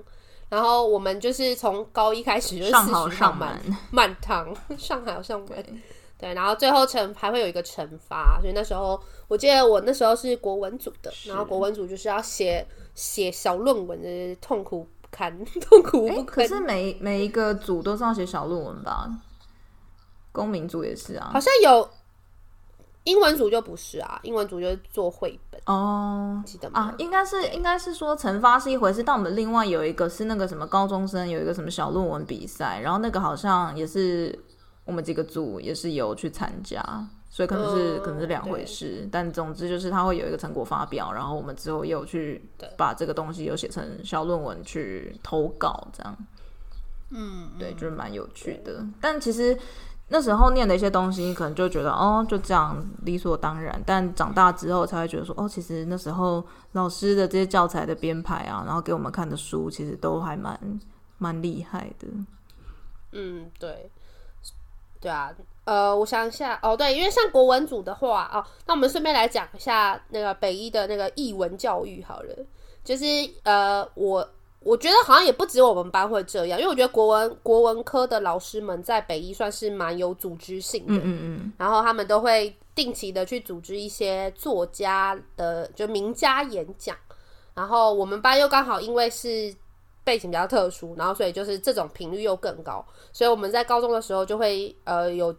然後我們就是從高一開始就是四十上滿滿堂，上好上滿，對，然後最後懲還會有一個懲罰，所以那時候我記得我那時候是國文組的，然後國文組就是要寫寫是小論文的、就是、痛苦。痛苦 不可。欸、可是每每一個組都是要寫小論文吧，公民組也是啊，好像有英文組就不是啊，英文組就是做繪本哦，oh, 記得嗎？啊，應該是對應該是說懲罰是一回事，但我們另外有一個是那個什麼高中生有一個什麼小論文比賽，然後那個好像也是我們幾個組也是有去參加。所以可能是，嗯、可能是兩回事，對但總之就是他會有一個成果發表，然後我們之後又去把這個東西又寫成小論文去投稿，這樣，嗯對，對，就是蠻有趣的。對但其實那時候唸的一些東西，可能就覺得哦，就這樣理所當然。但長大之後才會覺得說，哦，其實那時候老師的這些教材的編排啊，然後給我們看的書，其實都還蠻蠻厲害的。嗯，對，對啊。呃，我想一下哦，對，因為像國文組的話啊，哦，那我們順便來講一下那個北一的那個藝文教育好了，就是呃，我我覺得好像也不止我們班會這樣，因為我覺得國文國文科的老師們在北一算是蠻有組織性的，嗯嗯嗯，然後他們都會定期的去組織一些作家的就名家演講，然後我們班又剛好因為是背景比較特殊，然後所以就是這種頻率又更高，所以我們在高中的時候就會呃有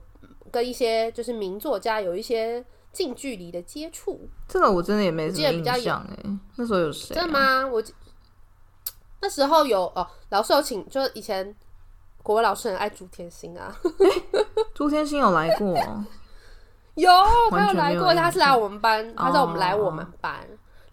跟一些就是名作家有一些近距離的接觸，這個我真的也沒什麼印象哎、啊。那時候有誰？真的嗎？我那時候有哦，老師有請，就是以前國文老師很愛朱天心啊。 朱天心有來過、哦， 有，有他有來過，他是來我們班，哦、他讓我們來我們班。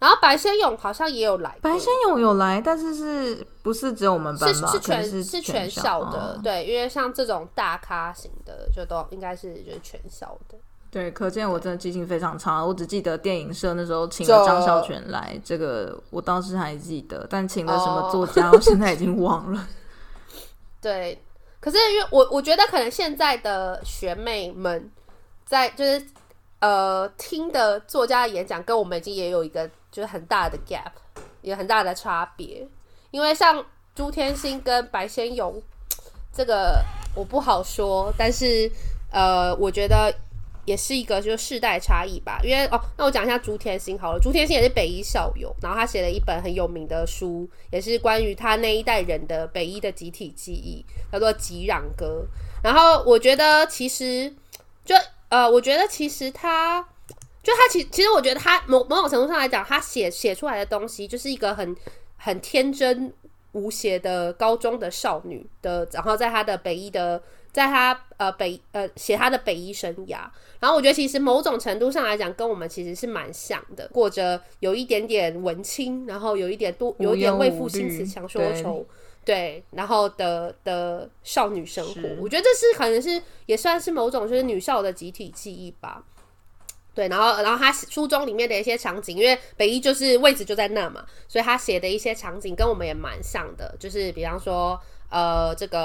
然後白先勇好像也有來，白先勇有來，但是是不是只有我們班嗎？是，是全，是全，是全校的。哦、對，因為像這種大咖型的，就都應該是就是全校的。對，可見我真的記性非常差，對我只記得電影社那時候請了張孝全來，就這個我倒是還記得，但請了什麼作家，哦、我現在已經忘了。 對，可是因為我我覺得可能現在的學妹們在就是呃聽的作家的演講，跟我們已經也有一個。就是很大的 gap，有很大的差別，因為像朱天心跟白先勇，這個我不好說，但是呃，我覺得也是一個就是世代差異吧。因為哦，那我講一下朱天心好了，朱天心也是北一校友，然後他寫了一本很有名的書，也是關於他那一代人的北一的集體記憶，叫做《擊壤歌》。然後我覺得其實就呃，我覺得其實他。就他其其實，我覺得他某某種程度上來講，他寫寫出來的東西，就是一個很很天真無邪的高中的少女的，然後在他的北一的，在他呃北呃寫他的北一生涯。然後我覺得其實某種程度上來講，跟我們其實是蠻像的，過着有一點點文青，然後有一點多，有一點為賦新詞強說愁，無憂無慮，對，對，然後的的少女生活，是我覺得這是可能是也算是某種就是女校的集體記憶吧。對，然後，然後他書中裡面的一些場景，因為北一就是位置就在那嘛，所以他寫的一些場景跟我們也蠻像的，就是比方說，呃，這個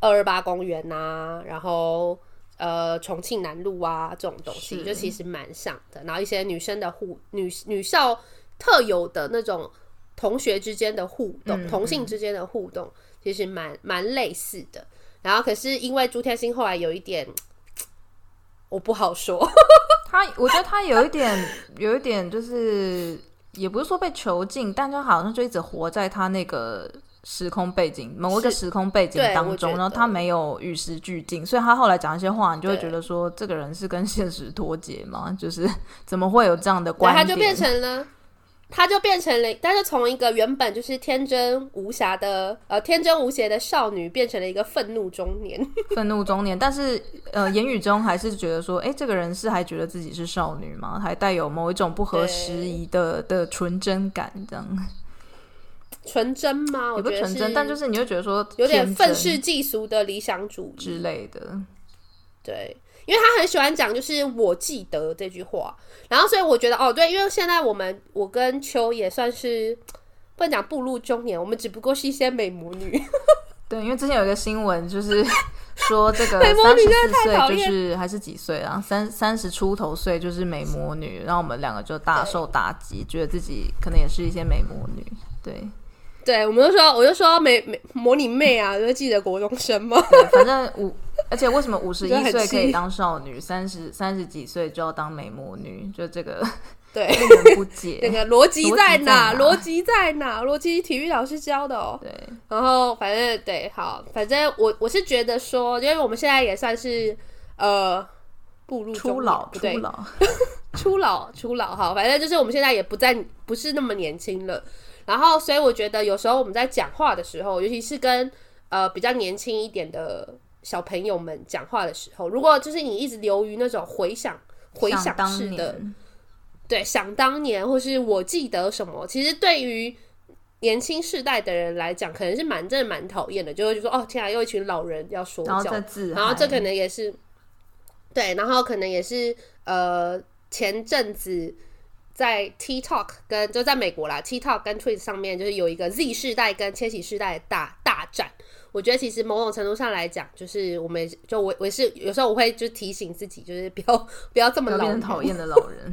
二二八公園吶、啊，然後，呃，重慶南路啊這種東西，就其實蠻像的。是然後一些女生的互女女校特有的那種同學之間的互動，嗯嗯同性之間的互動，其實蠻蠻類似的。然後可是因為朱天心後來有一點，我不好說。 他，我覺得他有一點， 有一點就是，也不是說被囚禁，但他好像就一直活在他那個時空背景，某一個時空背景當中，然後他沒有與時俱進，所以他後來講一些話，你就會覺得說，對這個人是跟現實脫節嘛，就是怎麼會有這樣的觀點？他就變成了。她就變成了，但是從一個原本就是天真無瑕的，呃，天真無邪的少女，變成了一個憤怒中年，憤 怒中年。但是，呃，言語中還是覺得說，哎、欸，這個人是還覺得自己是少女嗎？還帶有某一種不合時宜的對的純真感，這樣？純真嗎？也不純真，但就是你會覺得說，有點憤世嫉俗的理想主義之類的，對。因為他很喜歡講，就是“我記得”這句話，然後所以我覺得哦，對，因為現在我們我跟秋也算是不能講步入中年，我們只不過是一些美魔女。呵呵對，因為之前有一個新聞，就是說這個三十四歲就是、 美魔女真的太討厭，就是、還是幾歲啊，三三十出頭歲就是美魔女，是然後我們兩個就大受打擊，對覺得自己可能也是一些美魔女。對，對，我們就說，我就說美美魔女妹啊，就是，記得國中生嗎？反正我。 而且為什麼五十一歲可以當少女，三十三十幾歲就要當美魔女？就這個對令人不解， 那個邏輯在哪？邏輯在哪？邏輯體育老師教的哦、喔。對，然後反正對，好，反正我我是覺得說，因為我們現在也算是呃步入初老，對，初老, 初老，初老，初老哈。反正就是我們現在也不再不是那麼年輕了。然後，所以我覺得有時候我們在講話的時候，尤其是跟呃比較年輕一點的。小朋友們講話的時候，如果就是你一直流於那種回想，回想式的，對，想當年，或是我記得什麼，其實對於年輕世代的人來講，可能是蠻真的蠻討厭的，就會說哦，天啊，又一群老人要說教，然後，字，然後這可能也是，對，然後可能也是呃，前陣子在 TikTok 跟就在美國啦，TikTok 跟 Twitch 上面就是有一個 Z 世代跟千禧世代的大大戰。我覺得其實某種程度上來講，就是我們就我我也是有時候我會就提醒自己，就是不要不要這麼老，變討厭的老人。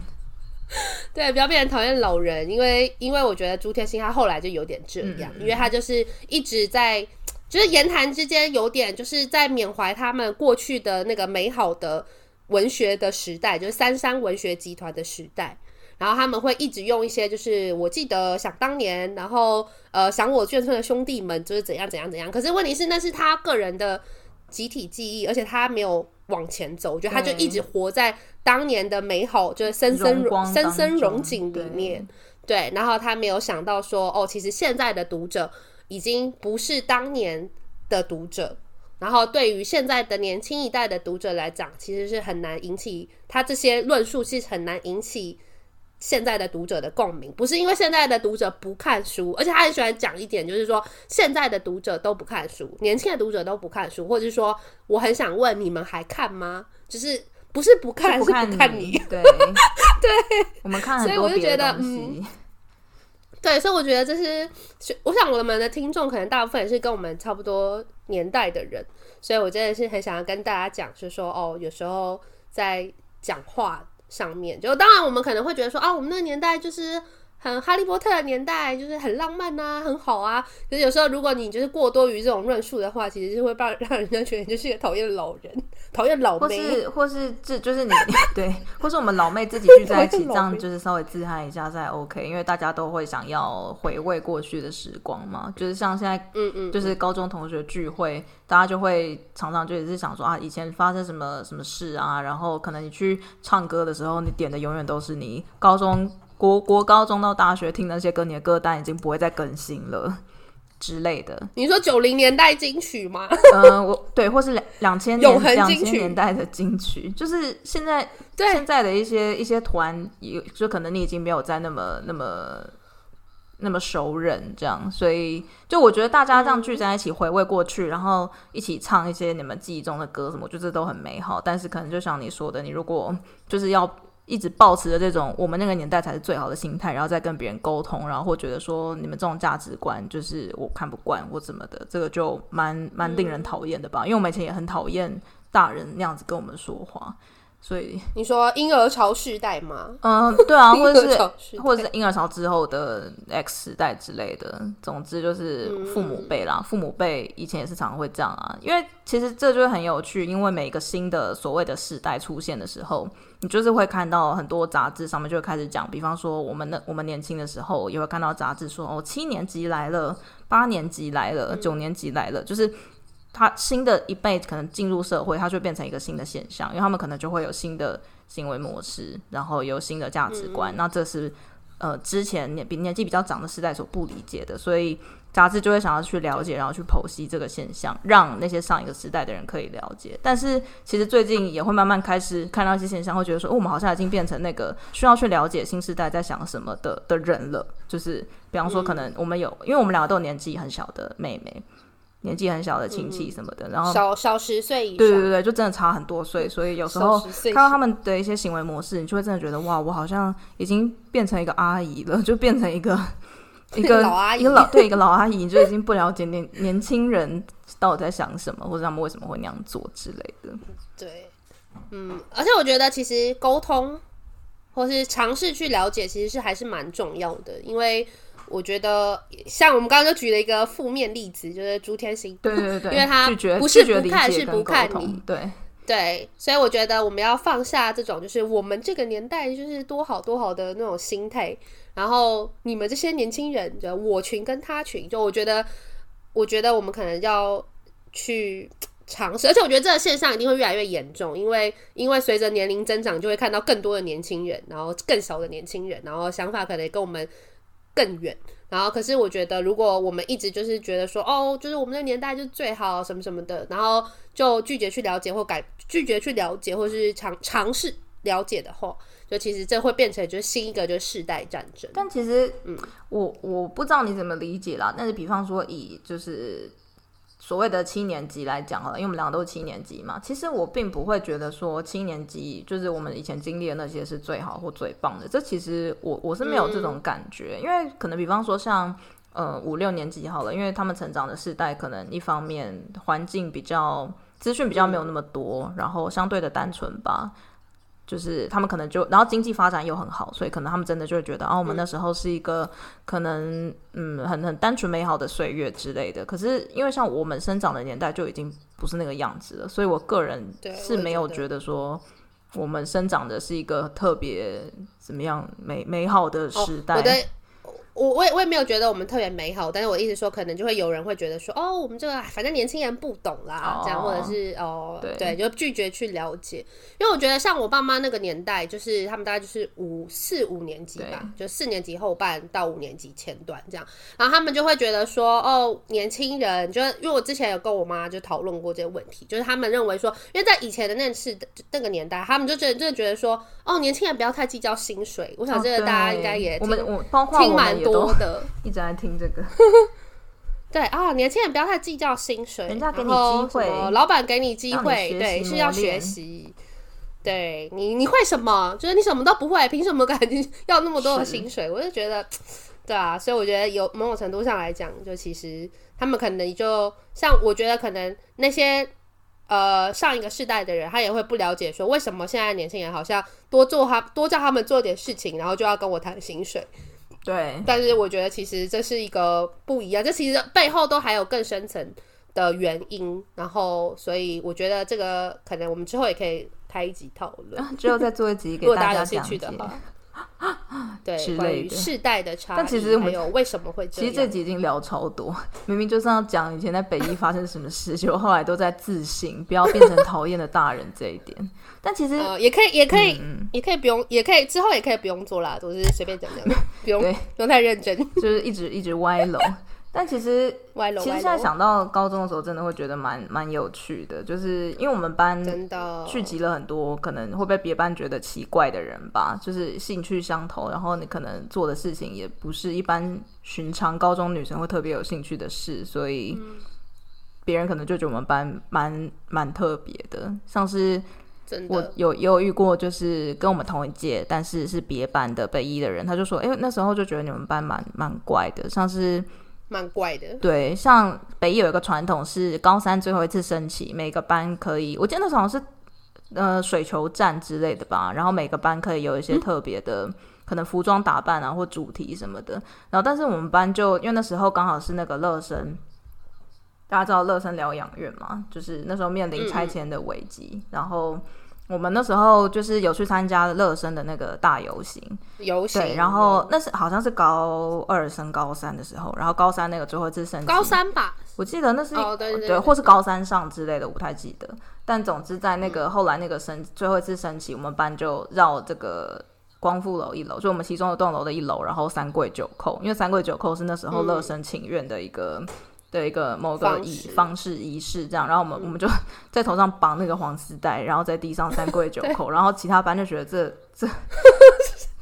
對，不要變成討厭老人，因為因為我覺得朱天心他後來就有點這樣，嗯、因為他就是一直在就是言談之間有點就是在緬懷他們過去的那個美好的文學的時代，就是三三文學集團的時代。然後他們會一直用一些，就是我記得想當年，然後呃，想我眷村的兄弟們就是怎樣怎樣怎樣。可是問題是，那是他個人的集體記憶，而且他沒有往前走，我覺得他就一直活在當年的美好，對就是深深深深榮景裡面。對，對，然後他沒有想到說，哦，其實現在的讀者已經不是當年的讀者，然後對於現在的年輕一代的讀者來講，其實是很難引起他這些論述是很難引起。現在的讀者的共鳴，不是因為現在的讀者不看書，而且他很喜歡講一點，就是說現在的讀者都不看書，年輕的讀者都不看書，或者說我很想問你們還看嗎？就是不是不看，是不看你？看你對， 對，我們看。所以我就覺得，嗯，對，所以我覺得這是，我想我們的聽眾可能大部分也是跟我們差不多年代的人，所以我真的是很想要跟大家講，就是說哦，有時候在講話。上面就當然，我們可能會覺得說啊，我們那個年代就是很哈利波特的年代，就是很浪漫吶、啊，很好啊。可是有時候，如果你就是過多於這種論述的話，其實就是會讓讓人家覺得你就是一個討厭的老人。討厭老妹，或是或是這就是你, 你對，或是我們老妹自己聚在一起， 這樣就是稍微自嗨一下再 OK，因為大家都會想要回味過去的時光嘛。就是像現在，嗯,嗯嗯，就是高中同學聚會，大家就會常常就也是想說啊，以前發生什麼什麼事啊？然後可能你去唱歌的時候，你點的永遠都是你高中國國高中到大學聽那些歌，你的歌單已經不會再更新了。之類的，你說九零年代金曲嗎？嗯 、呃，我對，或是兩兩千年兩千年代的金曲，就是現在對現在的一些一些團也，有就可能你已經沒有在那麼那麼那麼熟人這樣，所以就我覺得大家這樣聚在一起回味過去，嗯、然後一起唱一些你們記憶中的歌什麼，就這都很美好。但是可能就像你說的，你如果就是要。一直保持着這種我們那個年代才是最好的心態，然後再跟別人溝通，然後會覺得說你們這種價值觀就是我看不慣或怎麼的，這個就蠻蠻令人討厭的吧。嗯。因為我們以前也很討厭大人那樣子跟我們說話。所以你說嬰兒潮時代嗎？嗯、呃，對啊，或者是或者是嬰兒潮之後的 X 時代之類的，總之就是父母輩啦。嗯、父母輩以前也是常常會這樣啊，因為其實這就是很有趣，因為每一個新的所謂的時代出現的時候，你就是會看到很多雜誌上面就會開始講，比方說我們的我們年輕的時候也會看到雜誌說哦，七年級來了，八年級來了，嗯、九年級來了，就是。他新的一輩子可能進入社會，他就會變成一個新的現象，因為他們可能就會有新的行為模式，然後有新的價值觀。那這是呃，之前年比年紀比較長的時代所不理解的，所以雜誌就會想要去了解，然後去剖析這個現象，讓那些上一個時代的人可以了解。但是其實最近也會慢慢開始看到一些現象，會覺得說，哦，我們好像已經變成那個需要去了解新時代在想什麼的的人了。就是比方說，可能我們有，嗯、因為我們兩個都有年紀很小的妹妹。年紀很小的親戚什麼的，嗯、然後小小十歲以上，對對對，就真的差很多歲，所以有時候看到他們的一些行為模式，你就會真的覺得哇，我好像已經變成一個阿姨了，就變成一個，一個，一，個一個老阿姨，一個老對一個老阿姨，你就已經不了解年， 年輕人到底在想什麼，或者他們為什麼會那樣做之類的。對，嗯，而且我覺得其實溝通或是嘗試去了解，其實是還是蠻重要的，因為。我覺得像我們剛剛就舉了一個負面例子，就是朱天心。對對對，因為他不是不看，是不看你，對對。所以我覺得我們要放下這種，就是我們這個年代就是多好多好的那種心態。然後你們這些年輕人，就我群跟他群，就我覺得，我覺得我們可能要去嘗試。而且我覺得這個現象一定會越來越嚴重，因為因為隨着年齡增長，就會看到更多的年輕人，然後更少的年輕人，然後想法可能也跟我們。更遠，然後可是我覺得，如果我們一直就是覺得說，哦，就是我們的年代就最好什麼什麼的，然後就拒絕去了解或改，拒絕去了解或是嘗嘗試了解的話，就其實這會變成就是新一個就是世代戰爭。但其實，嗯，我我不知道你怎麼理解啦，但是比方說以就是。所謂的七年級來講好了，因為我們兩個都是七年級嘛，其實我並不會覺得說七年級就是我們以前經歷的那些是最好或最棒的。這其實我我是沒有這種感覺，嗯、因為可能比方說像呃五六年級好了，因為他們成長的世代可能一方面環境比較資訊比較沒有那麼多，嗯、然後相對的單純吧。就是他們可能就，然後經濟發展又很好，所以可能他們真的就會覺得，啊、哦，我們那時候是一個可能，嗯，很很單純美好的歲月之類的。可是因為像我們生長的年代就已經不是那個樣子了，所以我個人是沒有覺得說我們生長的是一個特別怎麼樣美美好的時代。我我我也沒有覺得我們特別美好，但是我一直說可能就會有人會覺得說哦，我們這個反正年輕人不懂啦，哦、這樣或者是哦對，對，就拒絕去了解，因為我覺得像我爸媽那個年代，就是他們大概就是五四五年級吧，對就四年級後半到五年級前段這樣，然後他們就會覺得說哦，年輕人就因為我之前有跟我媽就討論過這個問題，就是他們認為說，因為在以前的那次那個年代，他們就覺得就覺得說哦，年輕人不要太計較薪水。哦、我想這個大家應該也聽完。多的，一直在聽這個 對。對、哦、啊，年輕人不要太計較薪水，人家給你機會，老闆給你機會，對，是要學習。對你，你會什麼？就是你什麼都不會，憑什麼敢要那麼多的薪水？是我就覺得，對啊，所以我覺得有某種程度上來講，就其實他們可能就像我覺得可能那些呃上一個世代的人，他也會不了解說為什麼現在年輕人好像多做他多叫他們做點事情，然後就要跟我談薪水。對，但是我覺得其實這是一個不一樣，這其實背後都還有更深層的原因，然後所以我覺得這個可能我們之後也可以拍一集討論，之後、啊、再做一集給大家講解 大家有興趣的話。啊， 對，類關於世代的差，但其實我有為什麼會這樣？其實這集已經聊超多，明明就是要講以前在北一發生什麼事， 就後來都在自省，不要變成討厭的大人這一點。 但其實也可以，也可以，也可以不用，也可以之後也可以不用做啦，都是隨便講講， 不用對不用太認真，就是一直一直歪樓。 但其實，歪羅歪羅其實現在想到高中的時候，真的會覺得蠻蠻有趣的，就是因為我們班聚集了很多的可能會被別班覺得奇怪的人吧，就是興趣相投，然後你可能做的事情也不是一般尋常高中女生會特別有興趣的事，所以別人可能就覺得我們班蠻蠻特別的。像是我有猶有遇過，就是跟我們同一屆但是是別班的北一的人，他就說，哎、欸，那時候就覺得你們班蠻蠻怪的，像是。蠻怪的，對，像北一有一個傳統是高三最後一次升旗，每個班可以，我記得那時候好像是呃水球戰之類的吧，然後每個班可以有一些特別的，嗯、可能服裝打扮啊或主題什麼的，然後但是我們班就因為那時候剛好是那個樂生，大家知道樂生療養院嘛，就是那時候面臨拆遷的危機，嗯、然後。我們那時候就是有去參加樂生的那個大遊行，遊行。對，然後那是好像是高二升高三的時候，然後高三那個最後一次升高三吧，我記得那是、哦、對、對、對、對、對，或是高三上之類的我不太記得。但總之在那個後來那個升、嗯、最後一次升旗，我們班就繞這個光復樓一樓，就我們其中一棟樓的一樓，然後三跪九叩，因為三跪九叩是那時候樂生請願的一個。嗯的一個某個儀方，式方式儀式這樣，然後我們、嗯、我們就在頭上綁那個黃絲帶，然後在地上三跪九叩， 然後其他班就覺得這這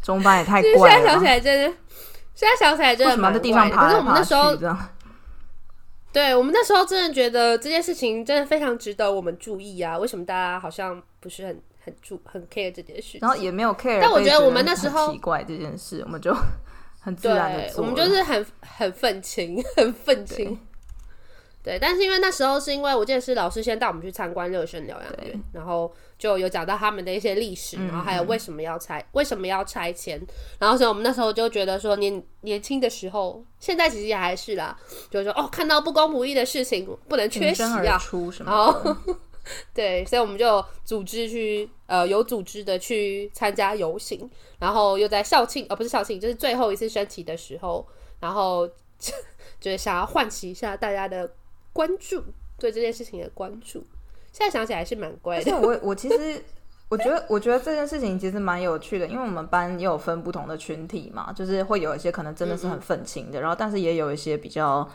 中班也太怪了。現在想起來，真的現在想起來，真的什麼在地上爬，可是我們那時候，樣對，我們那時候真的覺得這件事情真的非常值得我們注意啊！為什麼大家好像不是很很注很 care 這件事？然後也沒有 care。但我覺得我們那時候奇怪這件事，我們就很自然的做，我們就是很很憤青，很憤青。很對，但是因為那時候是因為我記得，是老師先帶我們去參觀樂生療養院，對然後就有講到他們的一些歷史，嗯、然後還有為什麼要拆，嗯、為什麼要拆遷，然後所以我們那時候就覺得說年年輕的時候，現在其實也還是啦，就說哦，看到不公不義的事情不能缺席啊，挺身而出什麼然後 對，所以我們就組織去呃有組織的去參加遊行，然後又在校慶呃、哦、不是校慶，就是最後一次升旗的時候，然後就是想要喚起一下大家的。關注，對這件事情的關注，現在想起來還是蠻怪的我。我我其實 我覺得，我覺得這件事情其實蠻有趣的，因為我們班也有分不同的群體嘛，就是會有一些可能真的是很憤青的，嗯嗯，然後但是也有一些比較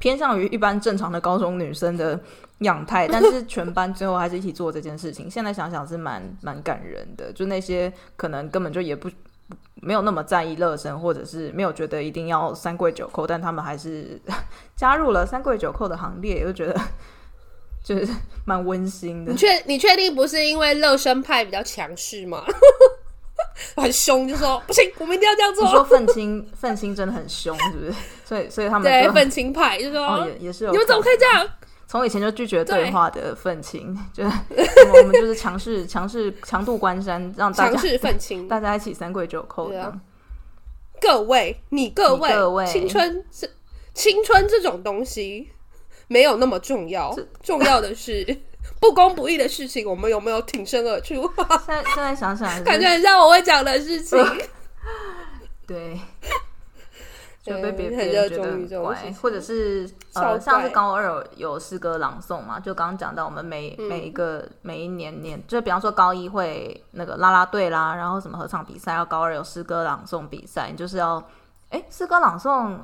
偏向於一般正常的高中女生的樣態，但是全班最後還是一起做這件事情。 現在想想是蠻蠻感人的，就那些可能根本就也不。沒有那麼在意樂生，或者是沒有覺得一定要三跪九叩，但他們還是加入了三跪九叩的行列，就覺得就是蠻溫馨的。你確你確定不是因為樂生派比較強勢嗎？ 我很凶，就說不行，我們一定要這樣做。說憤青，憤青真的很凶，是不是？所以所以他們對憤青派就是說，哦、也是，你們怎麼可以這樣？從以前就拒絕對話的憤青，對就我們就是強勢、強勢、強度關山，讓大家憤青大家一起三跪九叩、啊。各位，你各位，各位青春，青春這種東西沒有那麼重要，這重要的是 不公不義的事情，我們有沒有挺身而出、啊？現在現在想想，感覺很像我會講的事情。呃、對。就被別人覺得很乖，或者是怪呃，像是高二有詩歌朗誦嘛，就剛剛講到我們每、嗯、每一個每一年年，就比方說高一會那個啦啦隊啦，然後什麼合唱比賽，然後高二有詩歌朗誦比賽，就是要，哎，詩歌朗誦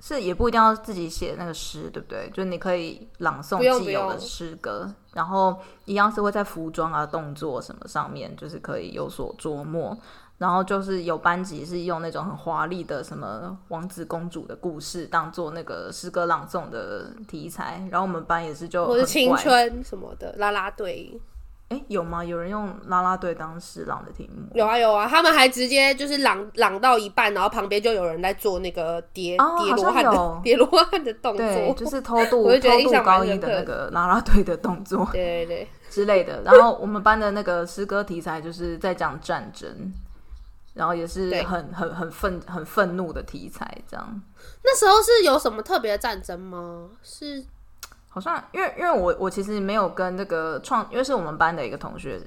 是也不一定要自己寫那個詩，對不對？就你可以朗誦既有的詩歌，然後一樣是會在服裝啊、動作什麼上面，就是可以有所琢磨。然後就是有班級是用那種很華麗的什麼王子公主的故事當做那個詩歌朗誦的題材，然後我們班也是就或者青春什麼的拉拉隊。哎，有嗎？有人用拉拉隊當詩朗的題目？有啊有啊，他們還直接就是朗朗到一半，然後旁邊就有人在做那個疊、哦、疊羅漢的疊羅漢的動作，就是偷渡，我就覺得偷渡高一的那個拉拉隊的動作，對對、對之類的。然後我們班的那個詩歌題材就是在講戰爭。然後也是很對很很憤很憤怒的題材，這樣。那時候是有什麼特別的戰爭嗎？是好像因為因為我我其實沒有跟那個創，因為是我們班的一個同學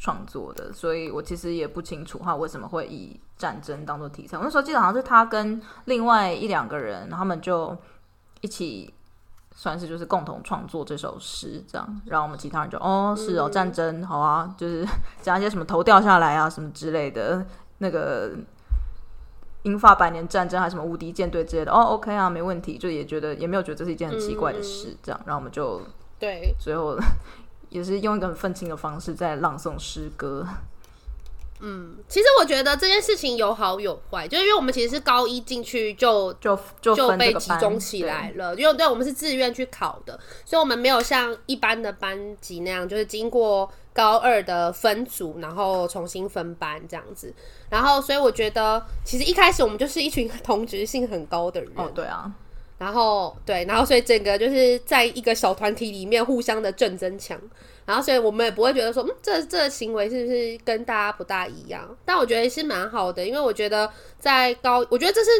創作的，所以我其實也不清楚他為什麼會以戰爭當做題材。我那時候記得好像是他跟另外一兩個人，他們就一起算是就是共同創作這首詩，這樣。然後我們其他人就哦是哦戰爭、嗯、好啊，就是講一些什麼頭掉下來啊什麼之類的。那個《英法百年戰爭》還是什麼《無敵艦隊》之類的哦，OK 啊，沒問題，就也覺得也沒有覺得這是一件很奇怪的事，嗯、這樣，然後我們就對最後也是用一個很憤青的方式在朗誦詩歌。嗯，其實我覺得這件事情有好有壞，就是因為我們其實是高一進去就就就,就被集中起來了，對因為對我們是自願去考的，所以我們沒有像一般的班級那樣，就是經過。高二的分組，然後重新分班這樣子，然後所以我覺得其實一開始我們就是一群同質性很高的人，哦、對啊，然後對，然後所以整個就是在一個小團體裡面互相的正增強，然後所以我們也不會覺得說嗯這這行為是不是跟大家不大一樣，但我覺得是蠻好的，因為我覺得在高，我覺得這是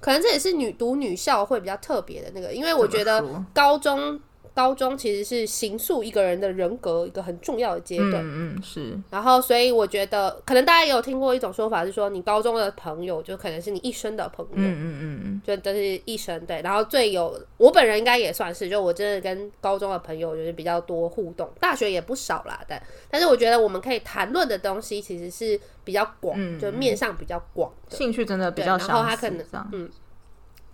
可能這也是女讀女校會比較特別的那個，因為我覺得高中。高中其實是形塑一個人的人格一個很重要的階段，嗯嗯是。然後，所以我覺得，可能大家也有聽過一種說法，是說你高中的朋友就可能是你一生的朋友，嗯嗯嗯就都是一生對。然後最有我本人應該也算是，就我真的跟高中的朋友就是比較多互動，大學也不少啦，但但是我覺得我們可以談論的東西其實是比較廣，嗯、就面上比較廣，興趣真的比較少。然後他可能嗯。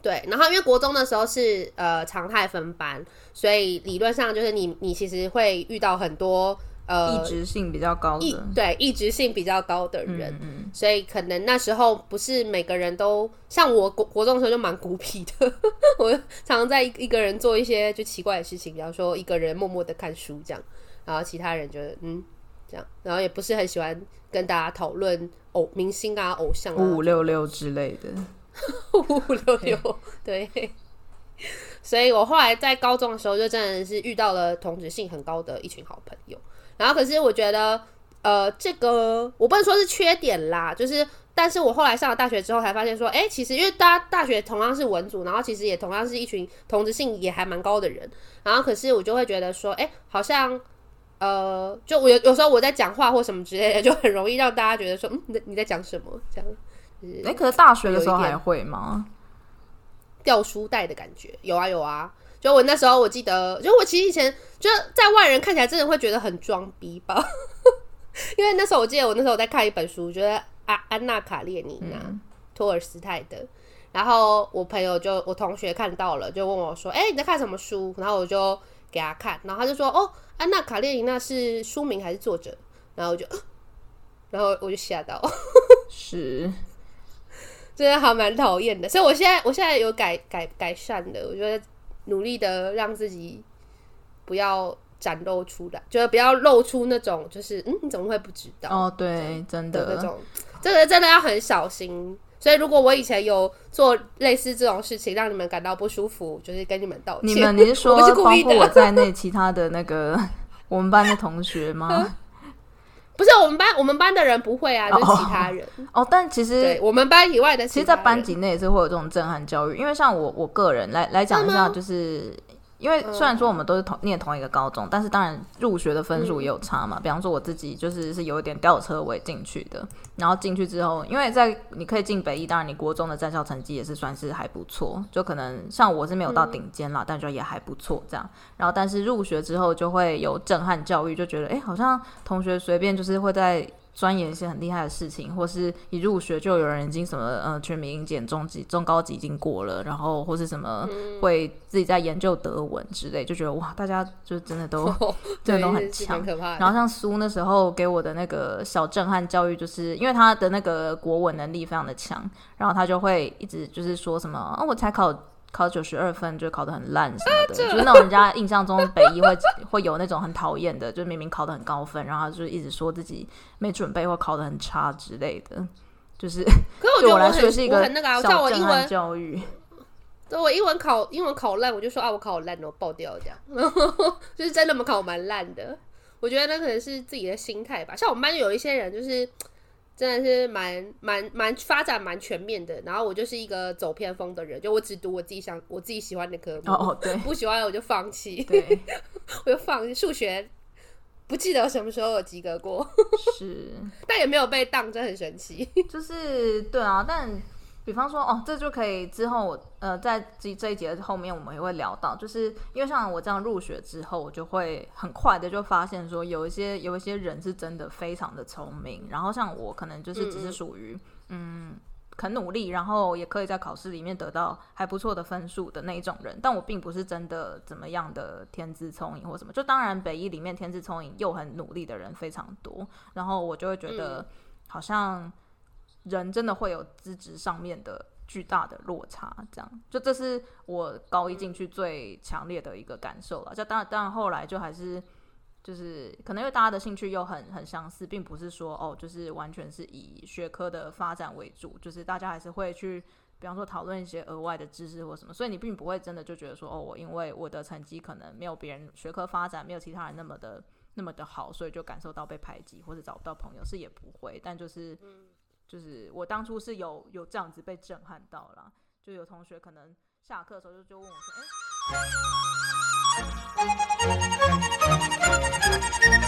對，然後因為國中的時候是呃常態分班，所以理論上就是你你其實會遇到很多呃異質性比較高的、的人。對，異質性比較高的人，嗯嗯所以，可能那時候不是每個人都像我國國中的時候就蠻孤僻的， 我常常在一一個人做一些就奇怪的事情，比方說一個人默默的看書這樣，然後其他人覺得嗯，這樣，然後也不是很喜歡跟大家討論偶明星啊偶像啊五五六六之類的。五 五六六，Hey. 對，所以我後來在高中的時候就真的是遇到了同質性很高的一群好朋友。然後可是我覺得，呃，這個我不能說是缺點啦，就是，但是我後來上了大學之後才發現說，哎、欸，其實因為大家大學同樣是文組，然後其實也同樣是一群同質性也還蠻高的人。然後可是我就會覺得說，哎、欸，好像呃，就我有有時候我在講話或什麼之類的，就很容易讓大家覺得說，嗯，你在講什麼這樣。誒，可是大學的時候還會嗎？掉書袋的感覺？有啊有啊，就我那時候我記得，就我其實以前就在外人看起來真的會覺得很裝逼吧， 因為那時候我記得我那時候在看一本書，覺得啊安娜卡列尼娜、嗯、托爾斯泰的，然後我朋友就我同學看到了，就問我說：“哎，你在看什麼書？”然後我就給他看，然後他就說：“哦，安娜卡列尼娜是書名還是作者？”然後我就，然後我就嚇，我就嚇，我就嚇到， 是。真的還蠻討厭的，所以我現在，我現在有改改改善的。我覺得努力的讓自己不要展露出來，就是不要露出那種，就是嗯，你怎麼會不知道？哦，對，的真的，那種這個真，真的要很小心。所以如果我以前有做類似這種事情，讓你們感到不舒服，就是跟你們道歉。你們你是說不是故意的？包括我在內，其他的那個我們班的同學嗎？ 不是我們班，我們班的人不會啊，oh、就其他人。哦，oh. oh, 但其實對我們班以外的其，其實，在班級內也是會有這種震撼教育。因為像我，我個人來來講一下，就是。是因為雖然說我們都是同念同一個高中，嗯、但是當然入學的分數也有差嘛。嗯、比方說我自己就是是有一點吊車尾進去的，然後進去之後，因為在你可以進北一，當然你國中的在校成績也是算是還不錯，就可能像我是沒有到頂尖啦，嗯、但就也還不錯這樣。然後但是入學之後就會有震撼教育，就覺得哎、欸，好像同學隨便就是會在。鑽研一些很厲害的事情，或是一入學就有人已經什麼，呃，全民英檢中級、中高級已經過了，然後或是什麼會自己在研究德文之類，就覺得哇，大家就真的都、哦、真的都很強。很可怕。然後像蘇那時候給我的那個小震撼教育，就是因為他的那個國文能力非常的強，然後他就會一直就是說什麼，哦、我才考。考九十二分就考得很爛什麼的，啊、就是那種人家印象中北一女 會有那種很討厭的，就是明明考得很高分，然後就一直說自己沒準備或考得很差之類的，就是，對是。可是我覺得我是一個，很那個啊，像我英文教育。對，我英文考英文考爛，我就說啊，我考我爛了，我爆掉這樣。 就是真的，我考蠻爛的。我覺得那可能是自己的心態吧。像我們班就有一些人就是。真的是蠻蠻蠻發展蠻全面的，然後我就是一個走偏鋒的人，就我只讀我自己想，我自己喜歡的科目。哦、oh, 不，對，不喜歡我就放棄，對， 我就放數學，不記得什麼時候有及格過，是， 但也沒有被當真，很神奇。就是對啊，但。比方說，哦，這就可以之後我呃，在這一節後面我們也會聊到，就是因為像我這樣入學之後，我就會很快的就發現說，有一些有一些人是真的非常的聰明，然後像我可能就是只是屬於嗯，很、嗯、努力，然後也可以在考試裡面得到還不錯的分數的那一種人，但我並不是真的怎麼樣的天資聰穎或什麼。就當然北一裡面天資聰穎又很努力的人非常多，然後我就會覺得好像。人真的會有資質上面的巨大的落差，這樣就這是我高一進去最強烈的一個感受了。就當當然後來就還是就是可能因為大家的興趣又很很相似，並不是說哦，就是完全是以學科的發展為主，就是大家還是會去比方說討論一些額外的知識或什麼。所以你並不會真的就覺得說哦，我因為我的成績可能沒有別人學科發展沒有其他人那麼的那麼的好，所以就感受到被排擠或者找不到朋友，是也不會，但就是。就是我當初是有有這樣子被震撼到啦，就有同學可能下課的時候就就問我說，哎、欸。